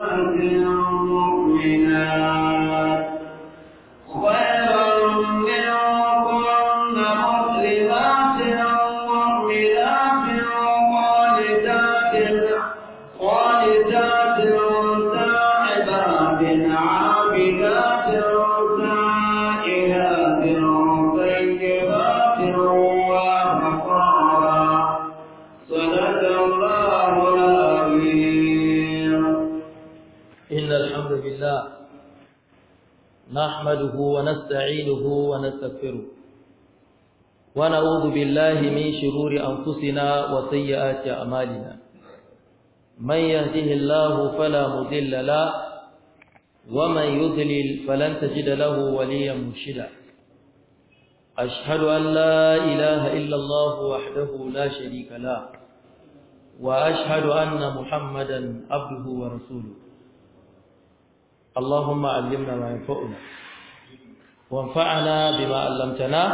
مؤمنات نحمده ونستعينه ونستغفره ونعوذ بالله من شرور أنفسنا وسيئات أعمالنا من يهده الله فلا مضل له ومن يضلل فلن تجد له وليا مرشدا أشهد أن لا إله إلا الله وحده لا شريك له وأشهد أن محمدا عبده ورسوله اللهم علمنا ما ينفعنا وانفعنا بما علمتنا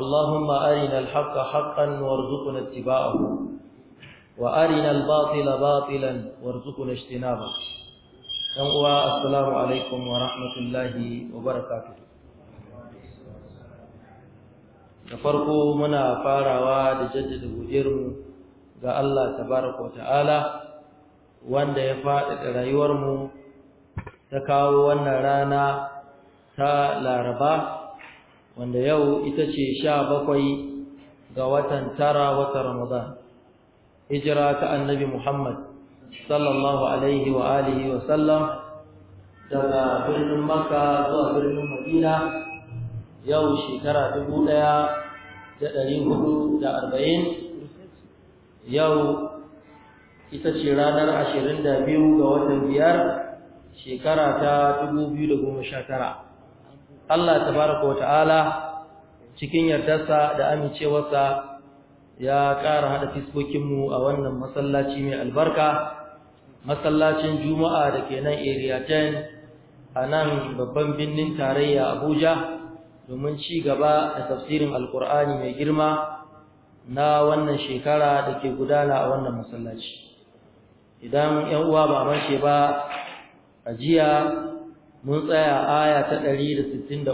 اللهم أرنا الحق حقا وارزقنا اتباعه وأرنا الباطل باطلا وارزقنا اجتنابه يوم السلام عليكم ورحمة الله وبركاته da farko muna farawa da jaddada godiyarmu ga Allah tabaraka wa ta'ala wanda ya faɗaɗa rayuwarmu ta kawo wannan rana ta laraba wanda yau ita ce sha bakwai ga watan tara wata ramadan hijira ta annabi muhammad sallallahu alaihi wa alihi wa sallam daga birnin maka zuwa birnin madina yau shekara dubu ɗaya da ɗari hudu da arba'in yau ita ce ranar ashirin da biyu ga watan biyar shekara ta dubu biyu da goma sha tara Allah tabaraka wata'ala cikin yardarsa da amincewarsa ya ƙara haɗa fiskokinmu a wannan masallaci mai albarka masallacin juma'a da ke nan area 10 a nan babban birnin tarayya abuja domin ci gaba da tafsirin alkur'ani mai girma na wannan shekara da ke gudana a wannan masallaci idan 'yan uwa ba mace ba a jiya mun tsaya aya ta 163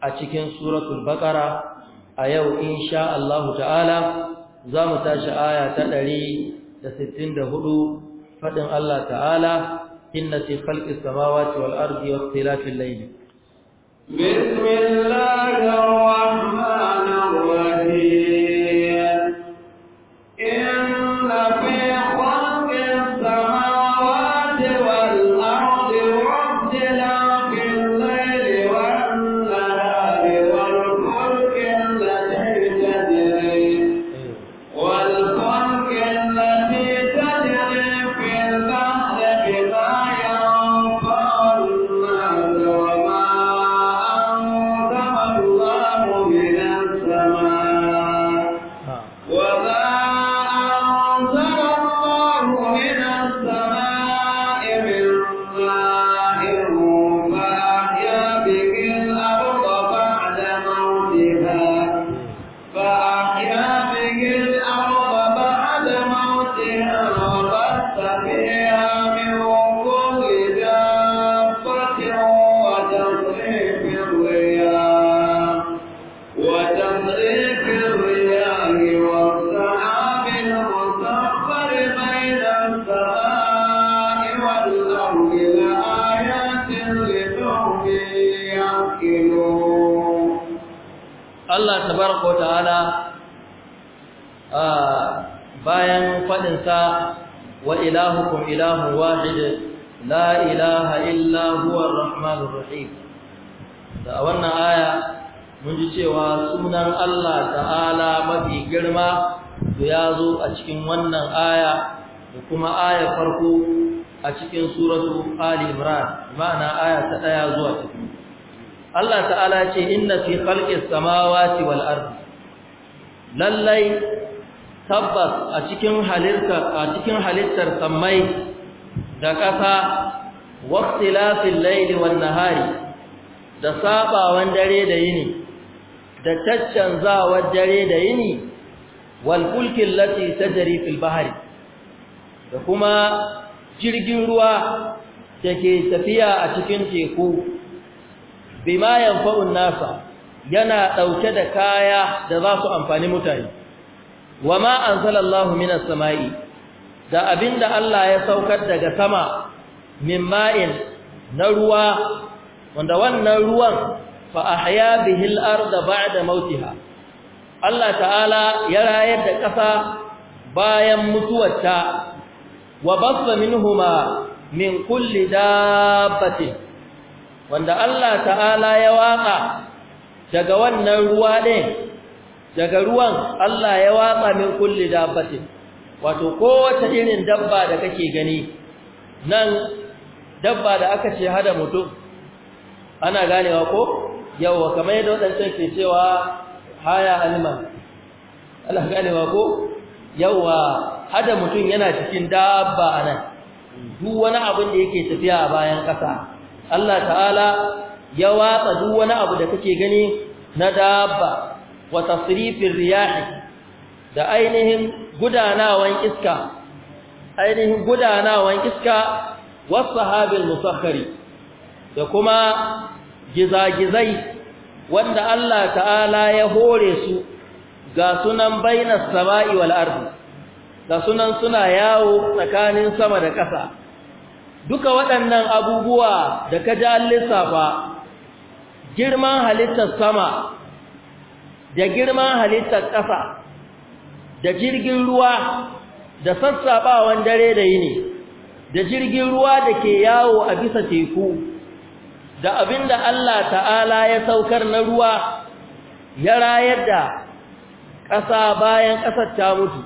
a cikin suratul baqara a yau insha Allah ta'ala za mu tashi aya ta 164 fadin Allah ta'ala inna fi khalqis samawati wal ardi waqtilafil layli بسم الله الرحمن الرحيم إلهكم إله واحد لا إله إلا هو الرحمن الرحيم da wannan aya mun ji cewa sunan Allah ta'ala mafi girma da ya zo a cikin wannan aya da kuma aya farko a cikin suratu Ali Imran ma'ana aya ta daya zuwa ta biyu Allah ta'ala ce inna fi khalqis samawati wal ardi lallai tabbas a cikin halittar a cikin halittar sammai da ƙasa waqtilafil layli wan nahari da sabawan dare da yini da caccanzawar dare da yini wal fulki allati tajri fil bahri da kuma jirgin ruwa da ke tafiya a cikin teku bima yanfa'un nasa yana dauke da kaya da za su amfani mutane wa ma anzalallahu minas sama'i da abinda Allah ya saukar daga sama min ma'in na ruwa wanda wannan ruwan fa ahya bihi al-ardha ba'da mautiha Allah ta'ala ya rayar da ƙasa bayan mutuwarta wa bassa minhuma min kulli dabbatin wanda Allah ta'ala ya waka daga wannan ruwa din daga ruwan Allah ya watsa min kulli dabbatin wato kowace irin dabba da kake gani nan dabba da aka ce hada mutum ana ganewa ko yawa kamar yadda wadancan ke cewa haya alman Allah ganewa ko yawa hada mutum yana cikin dabba anan duk wani abin da yake tafiya a bayan ƙasa Allah ta'ala ya watsa duk wani abu da kake gani na dabba wa tasrifir riyahi da ainihin gudanawan iska ainihin gudanawan iska was sahabil musakhkhari da kuma gizagizai wanda Allah ta'ala ya hore su ga sunan bainas sama'i wal ardi ga sunan suna yawo tsakanin sama da ƙasa duka waɗannan abubuwa da ka an lissafa girman halittar sama da girman halittar ƙasa da jirgin ruwa da sassaɓawan dare da yini da jirgin ruwa da ke yawo a bisa teku da abin da Allah ta'ala ya saukar na ruwa ya rayar da ƙasa bayan ƙasar ta mutu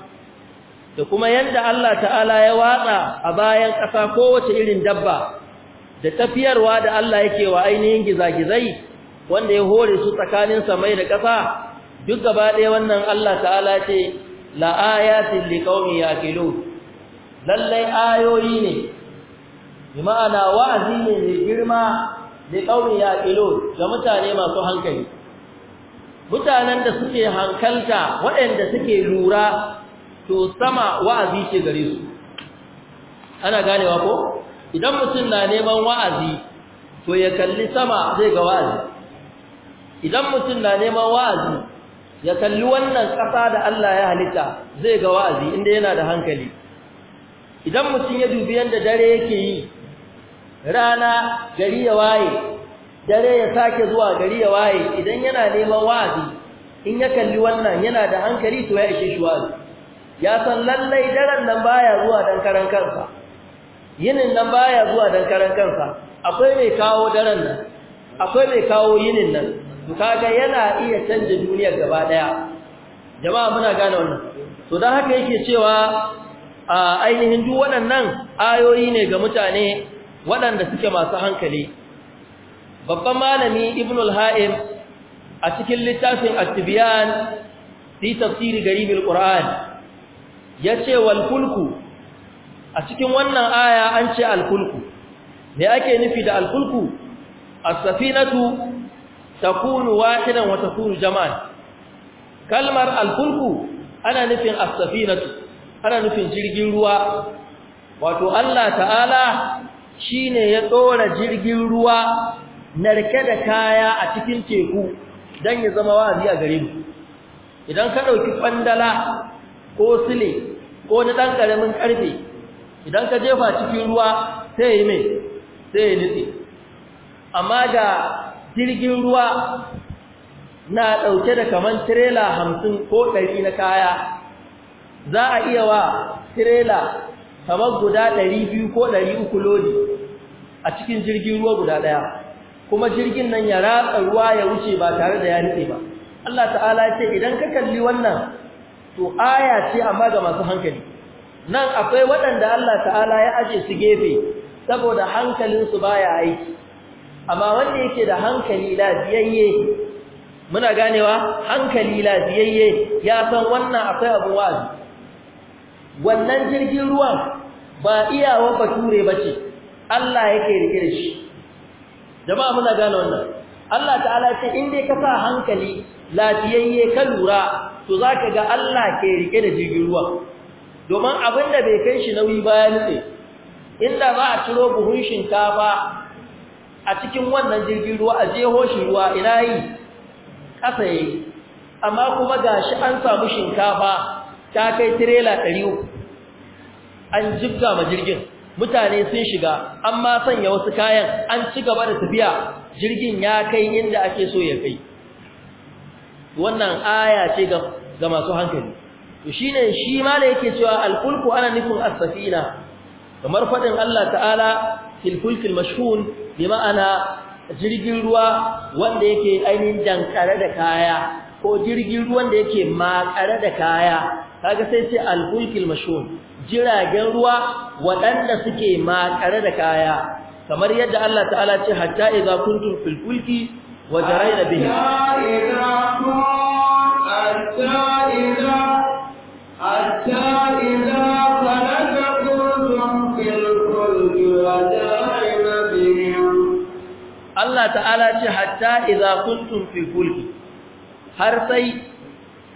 da kuma yadda Allah ta'ala ya watsa a bayan ƙasa kowace irin dabba da tafiyarwa da Allah yake wa ainihin gizagizai wanda ya hore su tsakanin samai da ƙasa duk gaba ɗaya wannan Allah ta'ala ce la ayatin liqaumi yaqilu lallai ayoyi ne bi ma'ana wa'azi ne mai girma liqaumin yaqilu ga mutane masu hankali mutanen da suke hankalta waɗanda suke lura to sama wa'azi ce gare su ana ganewa ko idan mutum na neman wa'azi to ya kalli sama zai ga wa'azi idan mutum na neman wa'azi ya kalli wannan ƙasa da Allah ya halitta zai ga wa'azi inda yana da hankali idan mutum ya dubi yadda dare yake yi rana gari ya waye dare ya sake zuwa gari ya waye idan yana neman wa'azi in ya kalli wannan yana da hankali to ya ishe shi wa'azi ya san lallai daren nan baya zuwa dan karan kansa yinin nan baya zuwa dan karan kansa akwai mai kawo daren nan akwai mai kawo yinin nan to kaga yana iya canja duniyar gaba daya jama'a muna gane wannan to dan haka yake cewa a ainihin duk waɗannan ayoyi ne ga mutane waɗanda suke masu hankali babban malami ibnul ha'im a cikin littafin at-tibyan fi tafsiri al qur'an yace wal fulku a cikin wannan aya an ce al fulku me ake nufi da al fulku as-safinatu takunu wahidan wa takunu jama'an kalmar alfulku ana nufin as-safinatu ana nufin jirgin ruwa wato Allah ta'ala shine ya tsora jirgin ruwa narke da kaya a cikin teku dan ya zama wazi a gare mu idan ka dauki bandala ko sile ko na dan karamin karfe idan ka jefa cikin ruwa sai yi sai ya amma da jirgin ruwa na ɗauke da kaman tirela hamsin ko ɗari na kaya za a iya wa tirela kamar guda ɗari biyu ko ɗari uku lodi a cikin jirgin ruwa guda ɗaya kuma jirgin nan ya ratsa ruwa ya wuce ba tare da ya nufi ba Allah ta'ala ce idan ka kalli wannan to aya ce amma ga masu hankali nan akwai waɗanda Allah ta'ala ya aje su gefe saboda hankalinsu baya aiki amma wanda yake da hankali lafiyayye muna ganewa hankali lafiyayye ya san wannan akwai abu wazi wannan jirgin ruwa ba ba bature bace Allah yake rike da shi jama'a muna gane wannan Allah ta'ala ce in dai ka sa hankali lafiyayye ka lura to zaka ga Allah ke rike da jirgin ruwa domin abinda bai kai shi nauyi bayan ne inda za a ciro buhun shinkafa a cikin wannan jirgin ruwa a jeho shi ruwa ina yi ƙasa yi amma kuma ga shi an samu shinkafa ta kai tirela ɗari uku an jibga ma jirgin mutane sun shiga an ma sanya wasu kayan an ci gaba da tafiya jirgin ya kai inda ake so ya kai wannan aya ce ga masu hankali to shine shi ma da yake cewa alfulku ana nufin asafina kamar faɗin Allah ta'ala fil mashhun bi ma'ana jirgin ruwa wanda yake ainihin dankare da kaya ko jirgin ruwan da yake makare da kaya kaga sai ce al-fulkil jiragen ruwa waɗanda suke makare da kaya kamar yadda Allah ta'ala ce hatta idza kuntum fil fulki wa jarayna bihi hatta idza Allah ta'ala ce hatta idza kuntum fi fulki har sai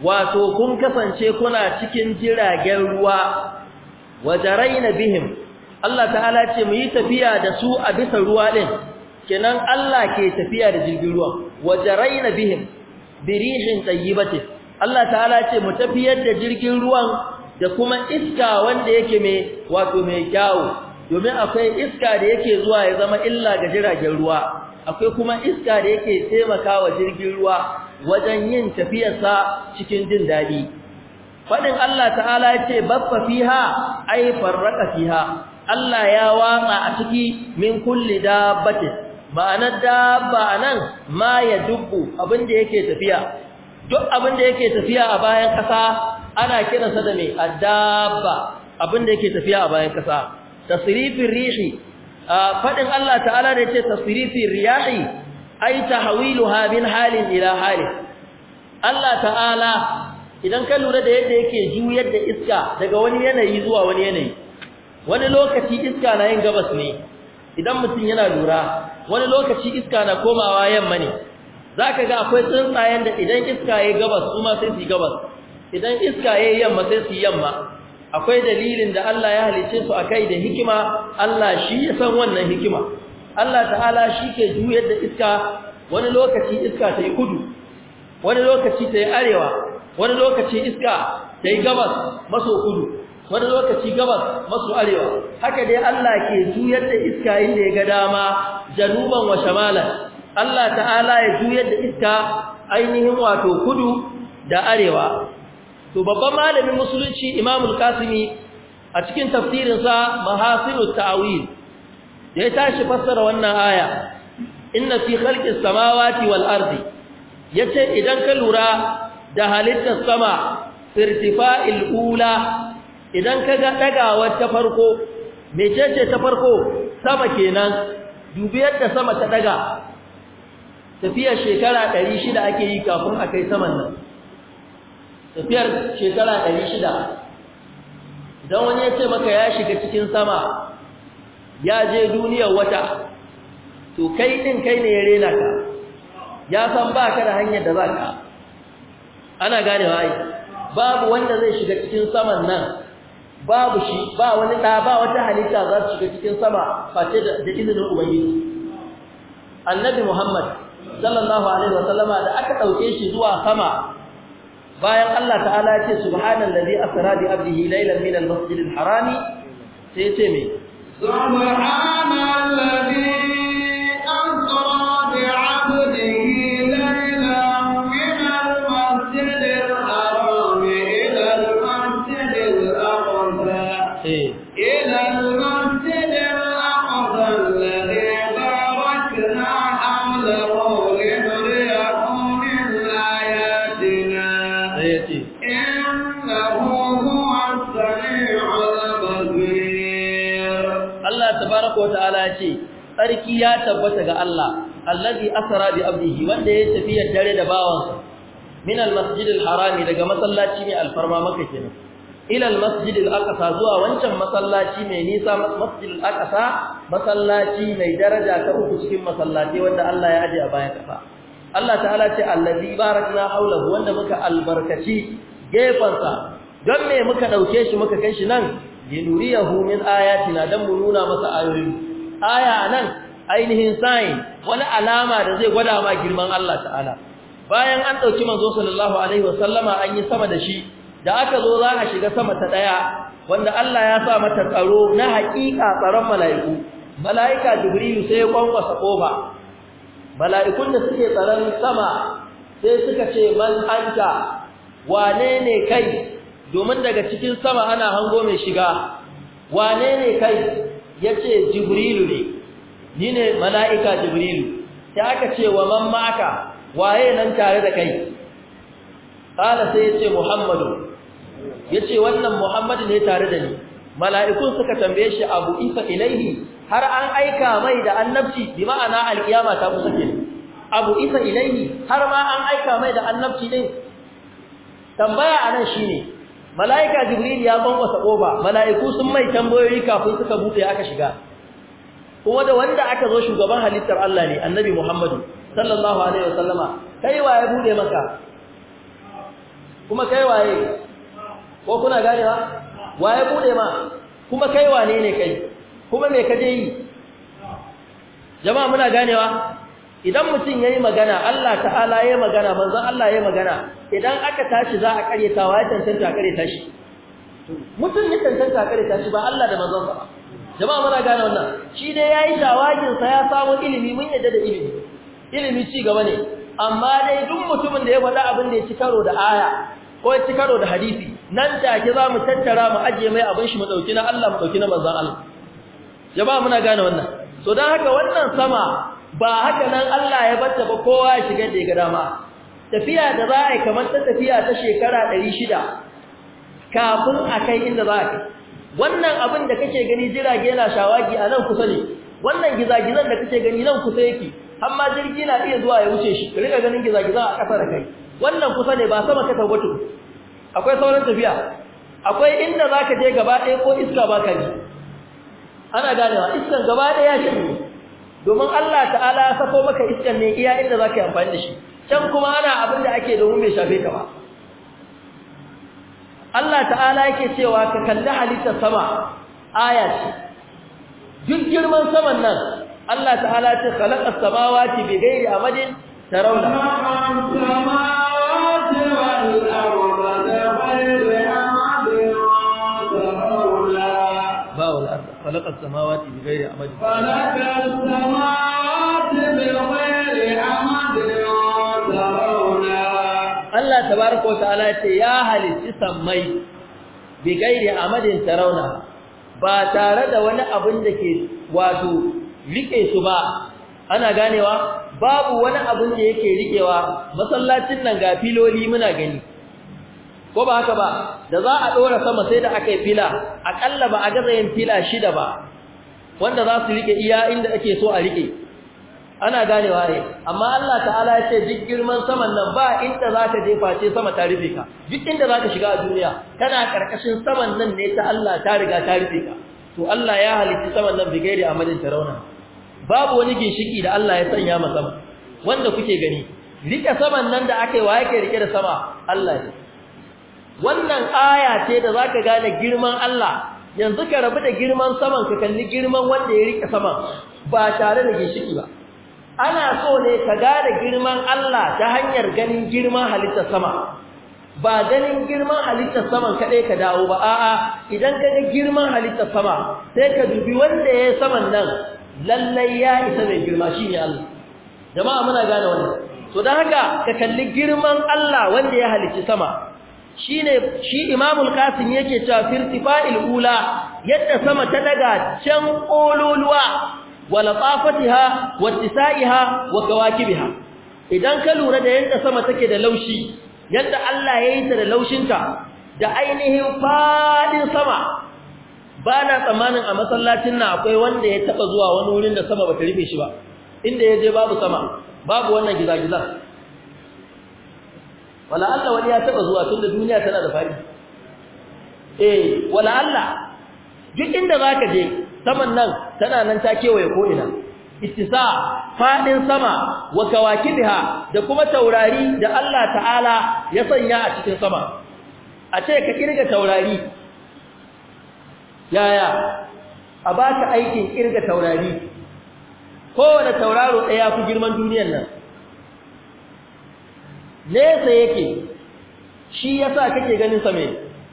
wato kun kasance kuna cikin jiragen ruwa wajaraina bihim Allah ta'ala ce mu yi tafiya da su a bisa ruwa din kenan Allah ke tafiya da jirgin ruwa wajaraina bihim birihin tayyibati Allah ta'ala ce mu tafiyar da jirgin ruwan da kuma iska wanda yake mai wato mai kyawu domin akwai iska da yake zuwa ya zama illa ga jiragen ruwa akwai kuma iska da yake taimakawa jirgin ruwa wajen yin tafiyarsa cikin jin daɗi faɗin Allah ta'ala ya ce baffa fiha ai farraka fiha Allah ya watsa a ciki min kulli dabbatin ma'ana dabba anan ma ya dubbu abin da yake tafiya duk abin da yake tafiya a bayan ƙasa ana kiransa da me addabba da yake tafiya a bayan ƙasa tasrifin rihi fadin Allah ta'ala da yace tasrifin riyahi ai tahwiluha min halin ila halin Allah ta'ala idan ka lura da yadda yake juyar da iska daga wani yanayi zuwa wani yanayi wani lokaci iska na yin gabas ne idan mutum yana lura wani lokaci iska na komawa yamma ne zaka ga akwai tsuntsayen da idan iska yayi gabas kuma sai su gabas idan iska yayi yamma sai su yamma akwai dalilin da Allah ya halice su akai da hikima Allah shi ya san wannan hikima Allah ta'ala shi ke juyar da iska wani lokaci iska ta yi kudu wani lokaci ta yi arewa wani lokaci iska ta yi gabas maso kudu wani lokaci gabas maso arewa haka dai Allah ke juyar da iska inda ya ga dama januban wa shamalan Allah ta'ala ya juyar da iska ainihin wato kudu da arewa to babban malamin musulunci imamul kasimi a cikin tafsirinsa mahasinut ta'wil ya tashi fassara wannan aya inna fi khalqis samawati wal ardi yace idan ka lura da halittar sama firtifa'il ula idan ka ga dagawar ta farko mecece ta farko sama kenan dubi yadda sama ta daga tafiya shekara 600 ake yi kafin a kai saman nan tafiyar shekara ɗari shida idan wani ya ce maka ya shiga cikin sama ya je duniyar wata to kai ɗin kai ne ya rena ka ya san ba ka da hanyar da za ka ana gane wa babu wanda zai shiga cikin saman nan babu shi ba wani da ba wata halitta za su shiga cikin sama face da izinin ubangiji annabi muhammad sallallahu alaihi wasallama da aka dauke shi zuwa sama bayan Allah ta'ala ya ce subhanallazi asra bi abdihi laylan min masjidil harami sai ya ce sarki ya tabbata ga Allah allazi asra bi abdihi wanda ya ya dare da bawan min almasjid harami daga masallaci mai alfarma maka kenan ila almasjid alaqsa zuwa wancan masallaci mai nisa masjid alaqsa masallaci mai daraja ta uku cikin masallaci wanda Allah ya aje a bayan kafa Allah ta'ala ce allazi barakna haulahu wanda muka albarkaci gefansa don me muka dauke shi muka kai shi nan linuriyahu min ayatina dan mu nuna masa ayoyi aya nan ainihin sign wani alama da zai gwada ma girman Allah ta'ala bayan an dauki manzo sallallahu alaihi wasallama an yi sama da shi da aka zo za a shiga sama ta daya wanda Allah ya sa mata tsaro na haƙiƙa tsaron mala'iku mala'ika jibrilu sai ya kwankwasa kofa mala'ikun da suke tsaron sama sai suka ce man anta wane ne kai domin daga cikin sama ana hango mai shiga wane ne kai yace jibrilu ne ni ne mala'ika jibrilu sai aka ce wa man ma'aka waye nan tare da kai kala sai yace muhammadu yace wannan muhammadu ne tare da ni mala'ikun suka tambaye shi abu isa ilaihi har an aika mai da annabci bi ma'ana alkiyama ta kusa ke abu isa ilaihi har ma an aika mai da annabci din tambaya anan shine mala'ika jibril ya bankwasa koba mala'iku sun mai tambayoyi kafin suka bude aka shiga kuma da wanda aka zo shugaban halittar Allah ne annabi Muhammadu sallallahu alaihi wasallama kai waye bude maka kuma kai waye ko kuna gane wa? waye bude ma kuma kai wane ne kai kuma me kaje yi jama'a muna ganewa idan mutum yayi magana Allah ta'ala yayi magana manzon Allah yayi magana idan aka tashi za a ta ya tantance a kare tashi. mutum ne tantance a kare tashi, ba Allah da manzon ba. jama'a muna gane wannan shi dai yayi shawagin sa ya samu ilimi mun yadda da ilimi ilimi ci gaba ne amma dai duk mutumin da ya faɗa abin da ya ci karo da aya ko ya ci karo da hadisi nan take za mu tattara mu ajiye mai abin shi mu dauki na Allah mu dauki na manzon Allah jama'a muna gane wannan to dan haka wannan sama ba haka nan Allah ya batta ba kowa ya shiga da ya dama tafiya da za a yi kamar ta tafiya ta shekara 600 kafin a kai inda za ka wannan abin da kake gani jirage na shawagi a nan kusa ne wannan gizagizan da kake gani nan kusa yake amma jirgi na iya zuwa ya wuce shi rika ganin gizagiza a kasa da kai wannan kusa ne ba sama ka tabbatu akwai sauran tafiya akwai inda za ka je gaba ɗaya ko iska ba ka ji ana ganewa iskan gaba ɗaya ya ne domin Allah ta'ala ya sako maka iskan ne iya inda zaka yi amfani da shi can kuma ana abin da ake domin bai shafe ka ba Allah ta'ala yake cewa ka kalli halittar sama aya ce duk girman saman nan Allah ta'ala ce khalaqa samawati bi ghairi amadin tarawna samawati wal ardh خلق السماوات بغير عمد خلق السماوات بغير عمد ترونا الله تبارك وتعالى يا هل سمي بغير عمد ترونا ba tare da wani abin da ke wato rike su ba ana ganewa babu wani abin da yake rikewa masallacin nan ga filoli muna gani ko ba haka ba da za a dora sama sai da aka yi fila akalla ba a gaza yin fila shida ba wanda za su rike iya inda ake so a rike ana ganewa ne amma Allah ta'ala ya ce duk girman saman nan ba inda za ta jefa ce sama ta rufe ka duk inda za ka shiga a duniya tana karkashin saman nan ne ta Allah ta riga ta rufe ka to Allah ya halitta saman nan gairi amalin tarauna babu wani ginshiki da Allah ya sanya masa wanda kuke gani rike saman nan da aka yi wa yake rike da sama Allah ya wannan aya ce da zaka gane girman Allah yanzu ka rabu da girman saman ka kalli girman wanda ya rike saman ba tare da gishiki ba ana so ne ka gane girman Allah ta hanyar ganin girman halittar sama ba ganin girman halittar saman kaɗai ka dawo ba a'a idan ka ga girman halittar sama sai ka dubi wanda ya yi saman nan lallai ya isa mai girma shi ne Allah jama'a muna gane wannan to don haka ka kalli girman Allah wanda ya halicci sama shine shi imamul qasim yake cewa firtifa'il ula yadda sama ta daga can kololuwa wa tafatiha wa tisaiha wa kawakibiha idan ka lura da yadda sama take da laushi yadda Allah ya yi ta da laushin ta, da ainihin fadin sama ba na tsammanin a masallacin na akwai wanda ya taba zuwa wani wurin da sama bata rufe shi ba inda ya je babu sama babu wannan gizagizan wala Allah wani ya taba zuwa tun da duniya tana da fari eh wala Allah duk inda zaka je saman nan tana nan ta kewaye ko ina ittisa fadin sama wa kawakibha da kuma taurari da Allah ta'ala ya sanya a cikin sama a ce ka kirga taurari yaya a ka aikin kirga taurari kowane tauraro daya fi girman duniyar nan nesa yake shi yasa kake ganin sa mai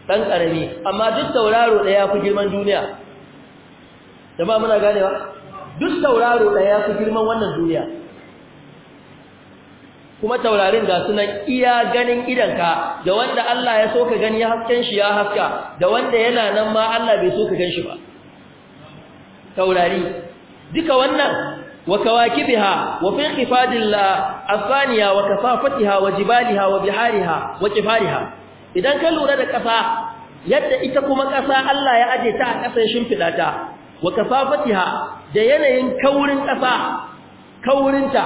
dan karami amma duk tauraro daya ku girman duniya jama'a muna ganewa duk tauraro daya ku girman wannan duniya kuma taurarin ga sunan iya ganin idanka da wanda Allah ya so ka gani ya hasken shi ya haska da wanda yana nan ma Allah bai so ka gan shi ba taurari duka wannan وكواكبها وفي انخفاض الثانية وكثافتها وجبالها وبحارها وكفارها idan ka lura da ƙasa yadda ita kuma ƙasa Allah ya aje ta a ƙasan shimfiɗa ta wa da yanayin kaurin ƙasa kaurinta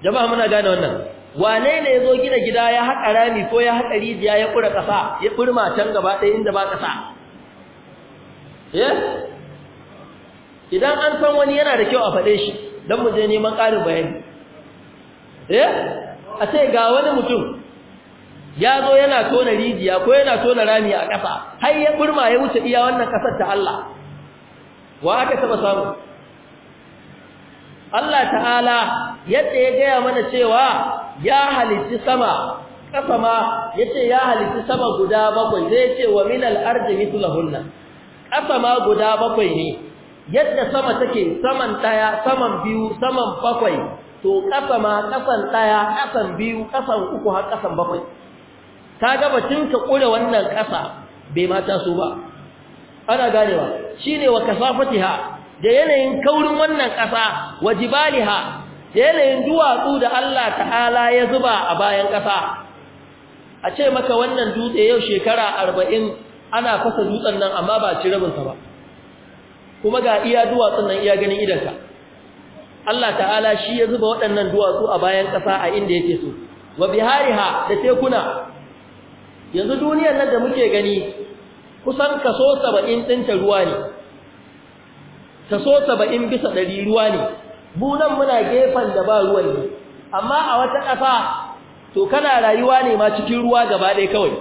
jama'a muna gane wannan wane ne yazo gina gida ya haƙa rami ko ya haƙa rijiya ya kura ƙasa ya kurma can gaba ɗaya inda ba ƙasa eh idan an san wani yana da kyau a faɗe shi don mu je neman ƙarin bayani eh a ce ga wani mutum ya zo yana tona rijiya ko yana tona rami a ƙasa har ya burma ya wuce iya wannan ƙasar ta Allah wa aka taɓa samu Allah ta'ala yadda ya gaya mana cewa ya halitti sama ƙasa ma ya ce ya halitti sama guda bakwai zai ce wa minal ardi mithlahunna ƙasa ma guda bakwai ne yadda sama take saman daya saman biyu saman bakwai to kasa ma kasan daya kasan biyu kasan uku har kasan bakwai kaga batun ka kure wannan kasa bai mata su ba ana ganewa shine wa kasafatiha da yanayin kaurin wannan kasa wajibaliha da yanayin duwatsu da Allah ta'ala ya zuba a bayan kasa a ce maka wannan dutse yau shekara arba'in ana fasa dutsen nan amma ba ci rabinsa ba kuma ga iya duwatsun nan iya ganin idanka Allah ta'ala shi ya zuba waɗannan duwatsu a bayan ƙasa a inda yake so wa bihariha da tekuna yanzu duniyar nan da muke gani kusan kaso 70 ɗinta ruwa ne kaso 70 bisa 100 ruwa ne mu nan muna gefen da ba ruwa ne amma a wata ƙasa to kana rayuwa ne ma cikin ruwa gaba ɗaya kawai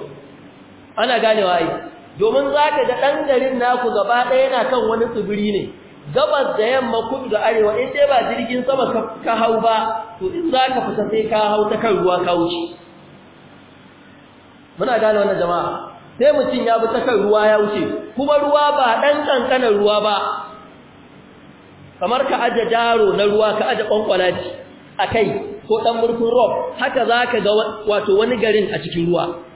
ana ganewa ai domin za ka ga ɗan garin naku gaba ɗaya yana kan wani tsibiri ne gabas da yamma kudu da arewa in dai ba jirgin sama ka hau ba to in za ka fita sai ka hau ta kan ruwa ka wuce muna gane wannan jama'a sai mutum ya bi ta kan ruwa ya wuce kuma ruwa ba ɗan ƙanƙanar ruwa ba kamar ka aje daro na ruwa ka aje ƙwanƙwalaci a kai ko ɗan murfin rock, haka za ka ga wato wani garin a cikin ruwa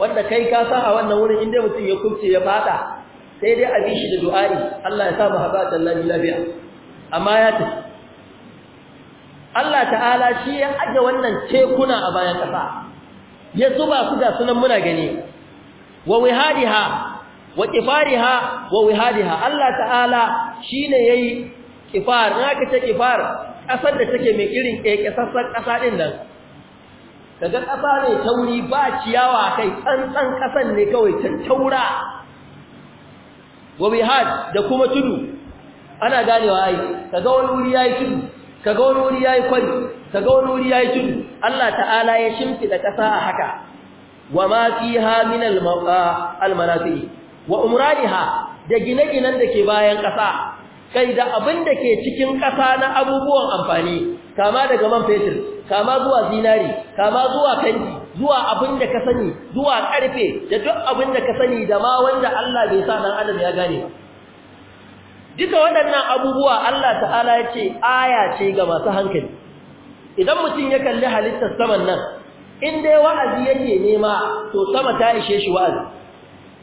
wanda kai ka san a wannan wurin inda mutum ya kubce ya fada sai dai a bi shi da du'a'i Allah ya sa mu da tallahi lafiya amma ya ta Allah ta'ala shi ya aje wannan tekuna a bayan kafa ya zuba su ga sunan muna gani wa wihadiha wa qifariha wa wihadiha Allah ta'ala shine yayi qifar na kace qifar kasar da take mai irin kekesassan kasa din nan kaga ƙasa ne tauri ba ciyawa kai tsantsan ƙasan ne kawai ta taura wa da kuma tudu ana ganewa ai kaga wani wuri yayi tudu kaga wani wuri yayi kwari kaga wani wuri yayi tudu Allah ta'ala ya shimfida ƙasa a haka wa ma fiha min al-manasi wa umraniha da gine-ginen da ke bayan ƙasa kai da abin da ke cikin ƙasa na abubuwan amfani kama daga man fetur kama zuwa zinari kama zuwa kanti, zuwa abin da ka sani zuwa ƙarfe da duk abin da ka sani da ma wanda Allah bai sa dan adam ya gane ba duka waɗannan abubuwa Allah ta'ala ya ce aya ce ga masu hankali idan mutum ya kalli halittar saman nan in dai wa'azi yake nema to sama ta ishe shi wa'azi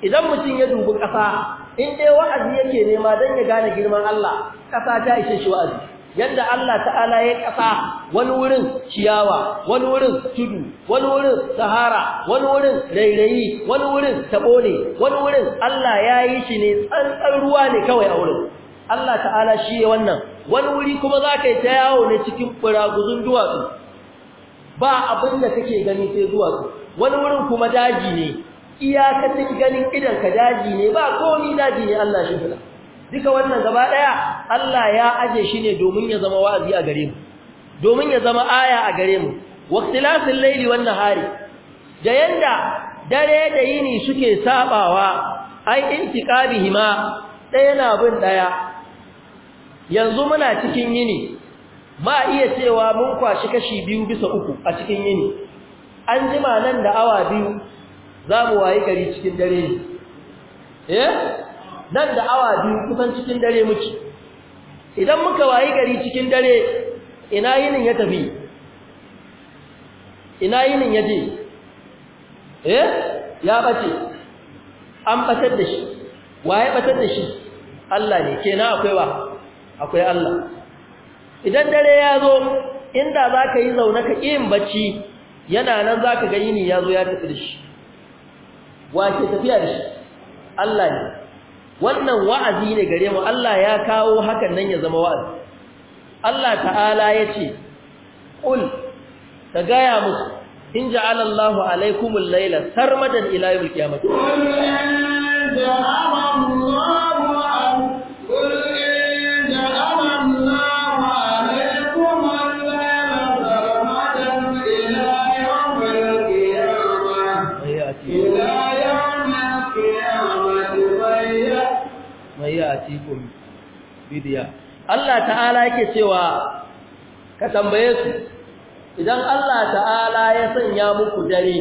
idan mutum ya dubi ƙasa in dai wa'azi yake nema dan ya gane girman Allah kasa ta ishe shi wa'azi yadda Allah ta'ala ya kasa wani wurin ciyawa wani wurin tudu wani wurin sahara wani wurin rairayi wani wurin tabole wani wurin Allah ya yi shi ne tsantsan ruwa ne kawai a wurin Allah ta'ala shi ya wannan wani wuri kuma za yi ta yawo ne cikin buraguzun duwatsu ba abin da kake gani sai duwatsu wani wurin kuma daji ne Iya iyakacin ganin idan ka daji ne ba komi daji ne Allah shi fila duka wannan gaba daya Allah ya aje shi ne domin ya zama wa'azi a gare mu domin ya zama aya a gare mu waqtilasil layli wan nahari da yanda dare da yini suke sabawa ai intiqabihima daya na bin daya yanzu muna cikin yini Ba iya cewa mun kwashi kashi biyu bisa uku a cikin yini an jima nan da awa biyu za mu wayi gari cikin dare ne eh nan da awa biyu kusan cikin dare muke idan muka wayi gari cikin dare ina yinin ya tafi ina yinin ya je eh ya bace an batar da shi waye batar da shi Allah ne kenan akwai wa akwai Allah idan dare ya zo inda za ka yi zaune ka ƙin bacci yana nan za ka ga yini ya zo ya tafi da shi wa ke tafiya da shi Allah ne wannan wa'azi ne gare mu Allah ya kawo hakan nan ya zama wa'azi Allah ta'ala ya ce ka gaya musu in ja'ala Allahu alaykumul layla sarmadan ila yawmil qiyamah ja'ala bidiya Allah ta'ala yake cewa ka tambaye su idan Allah ta'ala ya sanya muku dare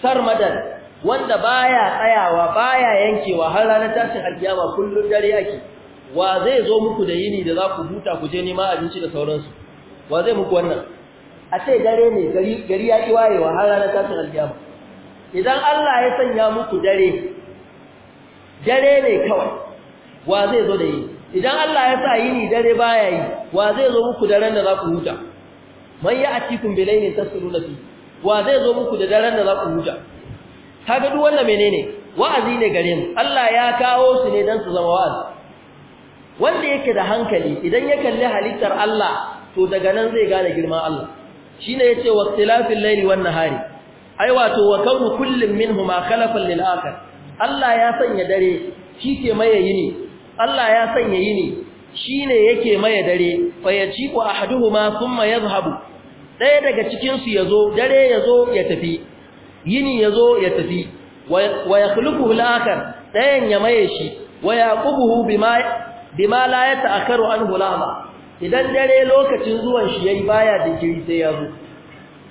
sar sarmadan wanda baya tsayawa baya yankewa har ranar tashin alkiyama kullun dare yake wa zai zo muku da yini da za ku huta ku je nima abinci da sauransu wa zai muku wannan a ce dare ne gari gari ya wayewa har ranar tashin alkiyama idan Allah ya sanya muku dare dare ne kawai wa zai zo da yini idan Allah ya sa yini dare baya yi wa zai zo muku da ran da za ku huta man ya'tikum bilailin tasluna fi wa zai zo muku da ran da za ku huta kaga duk wannan menene wa'azi ne gare mu Allah ya kawo su ne dan su zama wa'azi wanda yake da hankali idan ya kalli halittar Allah to daga nan zai gane girman Allah shine yace waqtilafil laili wan nahari ai wato wa kaunu kullin minhuma khalafan lil akhar Allah ya sanya dare shi ke maye yini Allah ya sanya yini ne yake maye dare fa ma sun thumma zuhabu daya daga cikinsu ya zo dare zo ya tafi yini yazo ya tafi wa ya kulubu la'akar ɗayan ya maye shi wa yaqubuhu bi bima la ta'akaru an hulama. idan dare lokacin zuwan shi ya yi baya da jiri sai ya zo,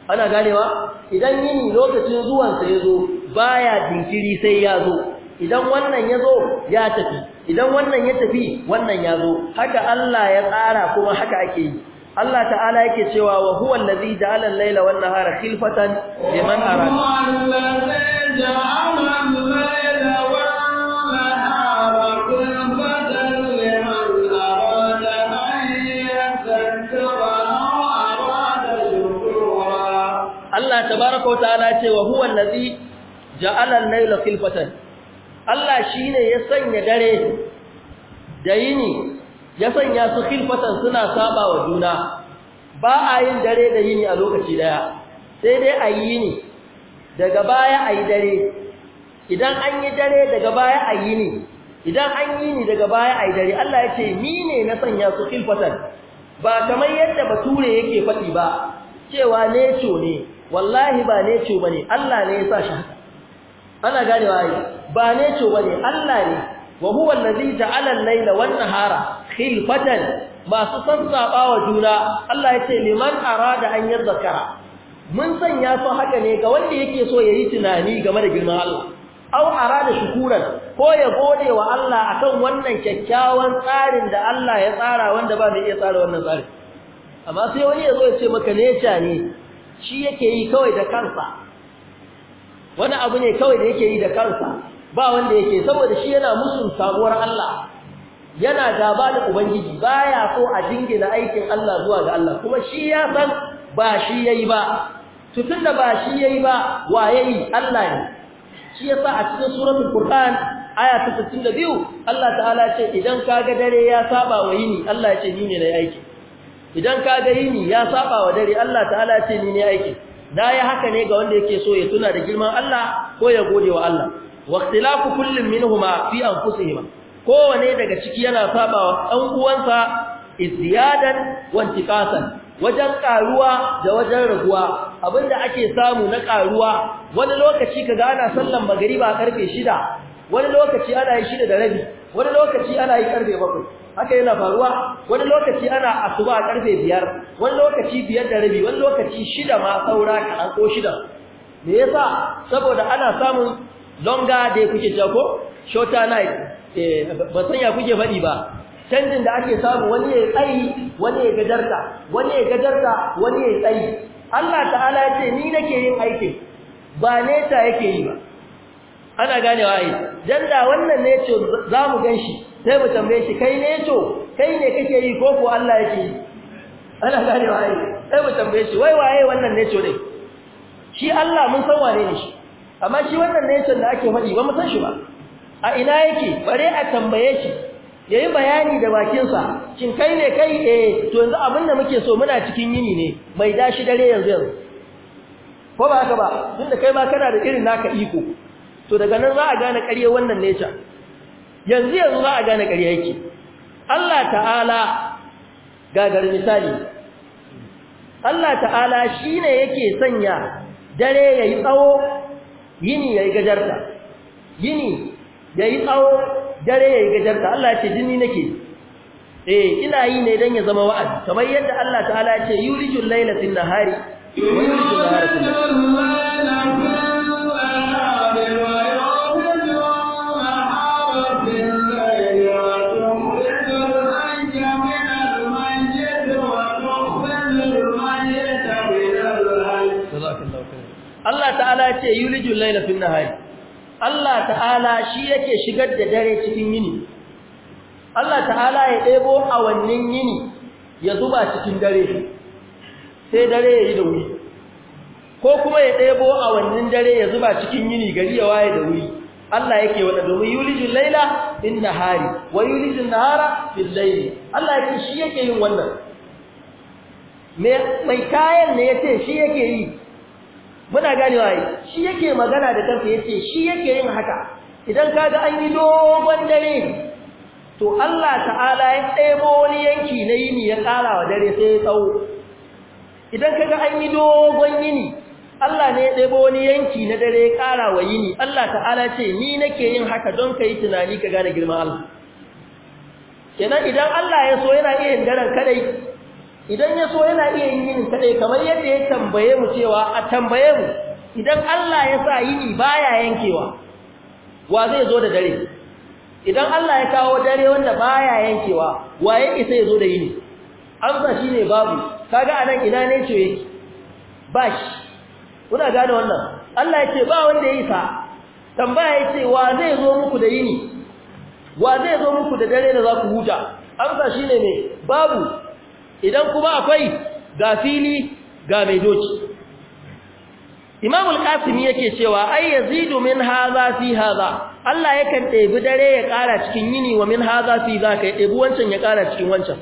ana ganewa idan yini lokacin zuwan ya zo baya jinkiri sai ya zo. idan wannan ya zo ya tafi idan wannan ya tafi wannan ya zo haka Allah ya tsara kuma haka ake yi Allah ta'ala yake cewa wa huwa allazi ja'ala al-laila wan nahara khilfatan liman arada Allah tabaraka wa ta'ala ce wa huwa allazi ja'ala al-laila khilfatan Allah shi ne ya sanya dare da yini ya sanya su khilfatan suna saba wa juna ba a yin dare da yini a lokaci daya sai dai a yi yini daga baya a yi dare idan an yi dare daga baya a yi yini idan an yi yini daga baya a yi dare Allah ya ce ni ne na sanya su khilfatan ba kamar yadda bature yake faɗi ba cewa neco ne wallahi ba neco bane Allah ne ya sa shi ana ganewa yi ba ne ce bane Allah ne wa huwa allazi ja'ala al-laila wan-nahara khilfatan masu sassaba wa juna Allah yace liman arada an yadhkara mun sanya su haka ne ga wanda yake so yayi tunani game da girman Allah aw arada shukuran ko ya gode wa Allah akan wannan kyakkyawan tsarin da Allah ya tsara wanda ba mai iya tsara wannan tsarin amma sai wani ya zo ya ce maka neca ne shi yake yi kawai da kansa wani abu ne kawai da yake yi da kansa ba wanda yake saboda shi yana musun sabuwar Allah yana gaba da ubangiji baya so a dingina aikin Allah zuwa ga Allah kuma shi ya san ba shi yayi ba tutun da ba shi yayi ba wa yayi Allah ne shi yasa a cikin suratul qur'an aya ta 62 Allah ta'ala ce idan kaga dare ya saba wa yini Allah ya ce ni ne nayi aiki idan kaga yini ya saba wa dare Allah ta'ala ce ni ne aiki da ya haka ne ga wanda yake so ya tuna da girman Allah ko ya gode wa Allah wa ikhtilafu kullin minhuma fi anfusihima kowane daga ciki yana saba wa dan uwansa izdiyadan wa intiqasan wajen karuwa da wajen raguwa abinda ake samu na karuwa wani lokaci kaga ana sallan magriba karfe 6 wani lokaci ana yi 6 da rabi wani lokaci ana yi karfe 7 haka yana faruwa wani lokaci ana asuba a karfe biyar wani lokaci biyar da rabi wani lokaci shida ma saura ka ko shida me yasa saboda ana samun longer day kuke cewa ko shorter night eh ba san ya kuke faɗi ba canjin da ake samu wani ya tsayi wani ya gajarta wani ya gajarta wani ya tsayi Allah ta'ala ya ce ni nake yin aikin ba neta yake yi ba ana ganewa ai dan da wannan ne ce za mu ganshi sai mu tambaye shi kai ne to kai ne kake yi ko ko Allah yake yi ana gane wai sai mu tambaye shi wai waye wannan ne to dai shi Allah mun san wane ne shi amma shi wannan ne to da ake faɗi ba mu san shi ba a ina yake bare a tambaye shi yayi bayani da bakin sa shin kai ne kai eh to yanzu abin da muke so muna cikin yini ne bai dashi dare yanzu yanzu ko ba haka ba tunda kai ma kana da irin naka iko to daga nan za a gane ƙarye wannan nature yanzu yanzu za a gane ƙarya yake Allah ta'ala gagar misali Allah ta'ala shi ne yake sanya dare ya yi tsawo yini ya yi gajarta yini ya yi tsawo dare ya yi gajarta Allah ya ce jini nake eh ina yi ne don ya zama wa'ad. kamar yadda Allah ta'ala ya ce yulijul laila fil nahari wa hari nahara Allah ta'ala ya ce yulijul laila fil nahari Allah ta'ala shi yake shigar da dare cikin yini Allah ta'ala ya ɗebo awannin yini ya zuba cikin dare sai dare ya yi da wuri ko kuma ya ɗebo awannin dare ya zuba cikin yini gari ya waye da wuri Allah yake wada domin yulijul laila fil nahari wa yulijul nahara fil layli Allah yake shi yake yin wannan mai kayan ne yace shi yake yi muna ganewa yi shi yake magana da kansa yace shi yake yin haka idan kaga an yi dogon dare to Allah ta'ala ya tsebo wani yanki na yini ya kara wa dare sai ya tsawo idan kaga an yi dogon yini Allah ne ya tsebo wani yanki na dare ya kara wa yini Allah ta'ala ce ni nake yin haka don ka yi tunani ka gane girman Allah kenan idan Allah ya so yana iya yin daren kadai idan ya so yana iya yin yin kadai kamar yadda ya tambaye mu cewa a tambaye mu idan Allah ya sa yini baya yankewa wa zai zo da dare idan Allah ya kawo dare wanda baya yankewa wa yake sai ya zo da yini amsa shine babu kaga anan ina ne ce yake ba shi kuna gane wannan Allah yake ba wanda yayi sa tambaya ce wa zai zo muku da yini wa zai zo muku da dare da za ku huta amsa shine ne babu idan kuma akwai ga fili ga mai doki imamul yake cewa ay yazidu min hadha fi hadha Allah yakan ɗebi dare ya ƙara cikin yini wa min hadha fi zaka ya ɗebi wancan ya ƙara cikin wancan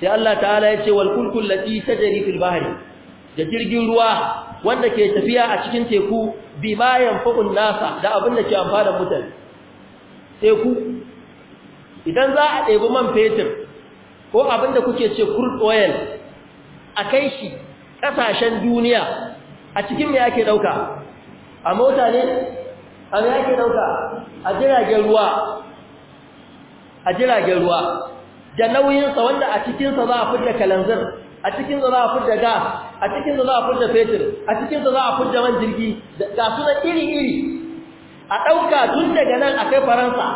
sai Allah ta'ala ya ce wal kulkul lati tajri fil bahri da jirgin ruwa wanda ke tafiya a cikin teku bi bayan fukun nasa da abin da ke amfana mutane teku idan za a ɗebi man fetur ko abinda kuke ce crude oil a kai shi kasashen duniya a cikin me yake dauka a mota ne a me yake dauka a jiragen ruwa a jiragen ruwa da nauyin sa wanda a cikin sa za a fita kalanzir a cikin sa za a fita gas a cikin sa za a fita fetur a cikin sa za a fita man jirgi ga sunan iri iri a dauka tun daga nan akai faransa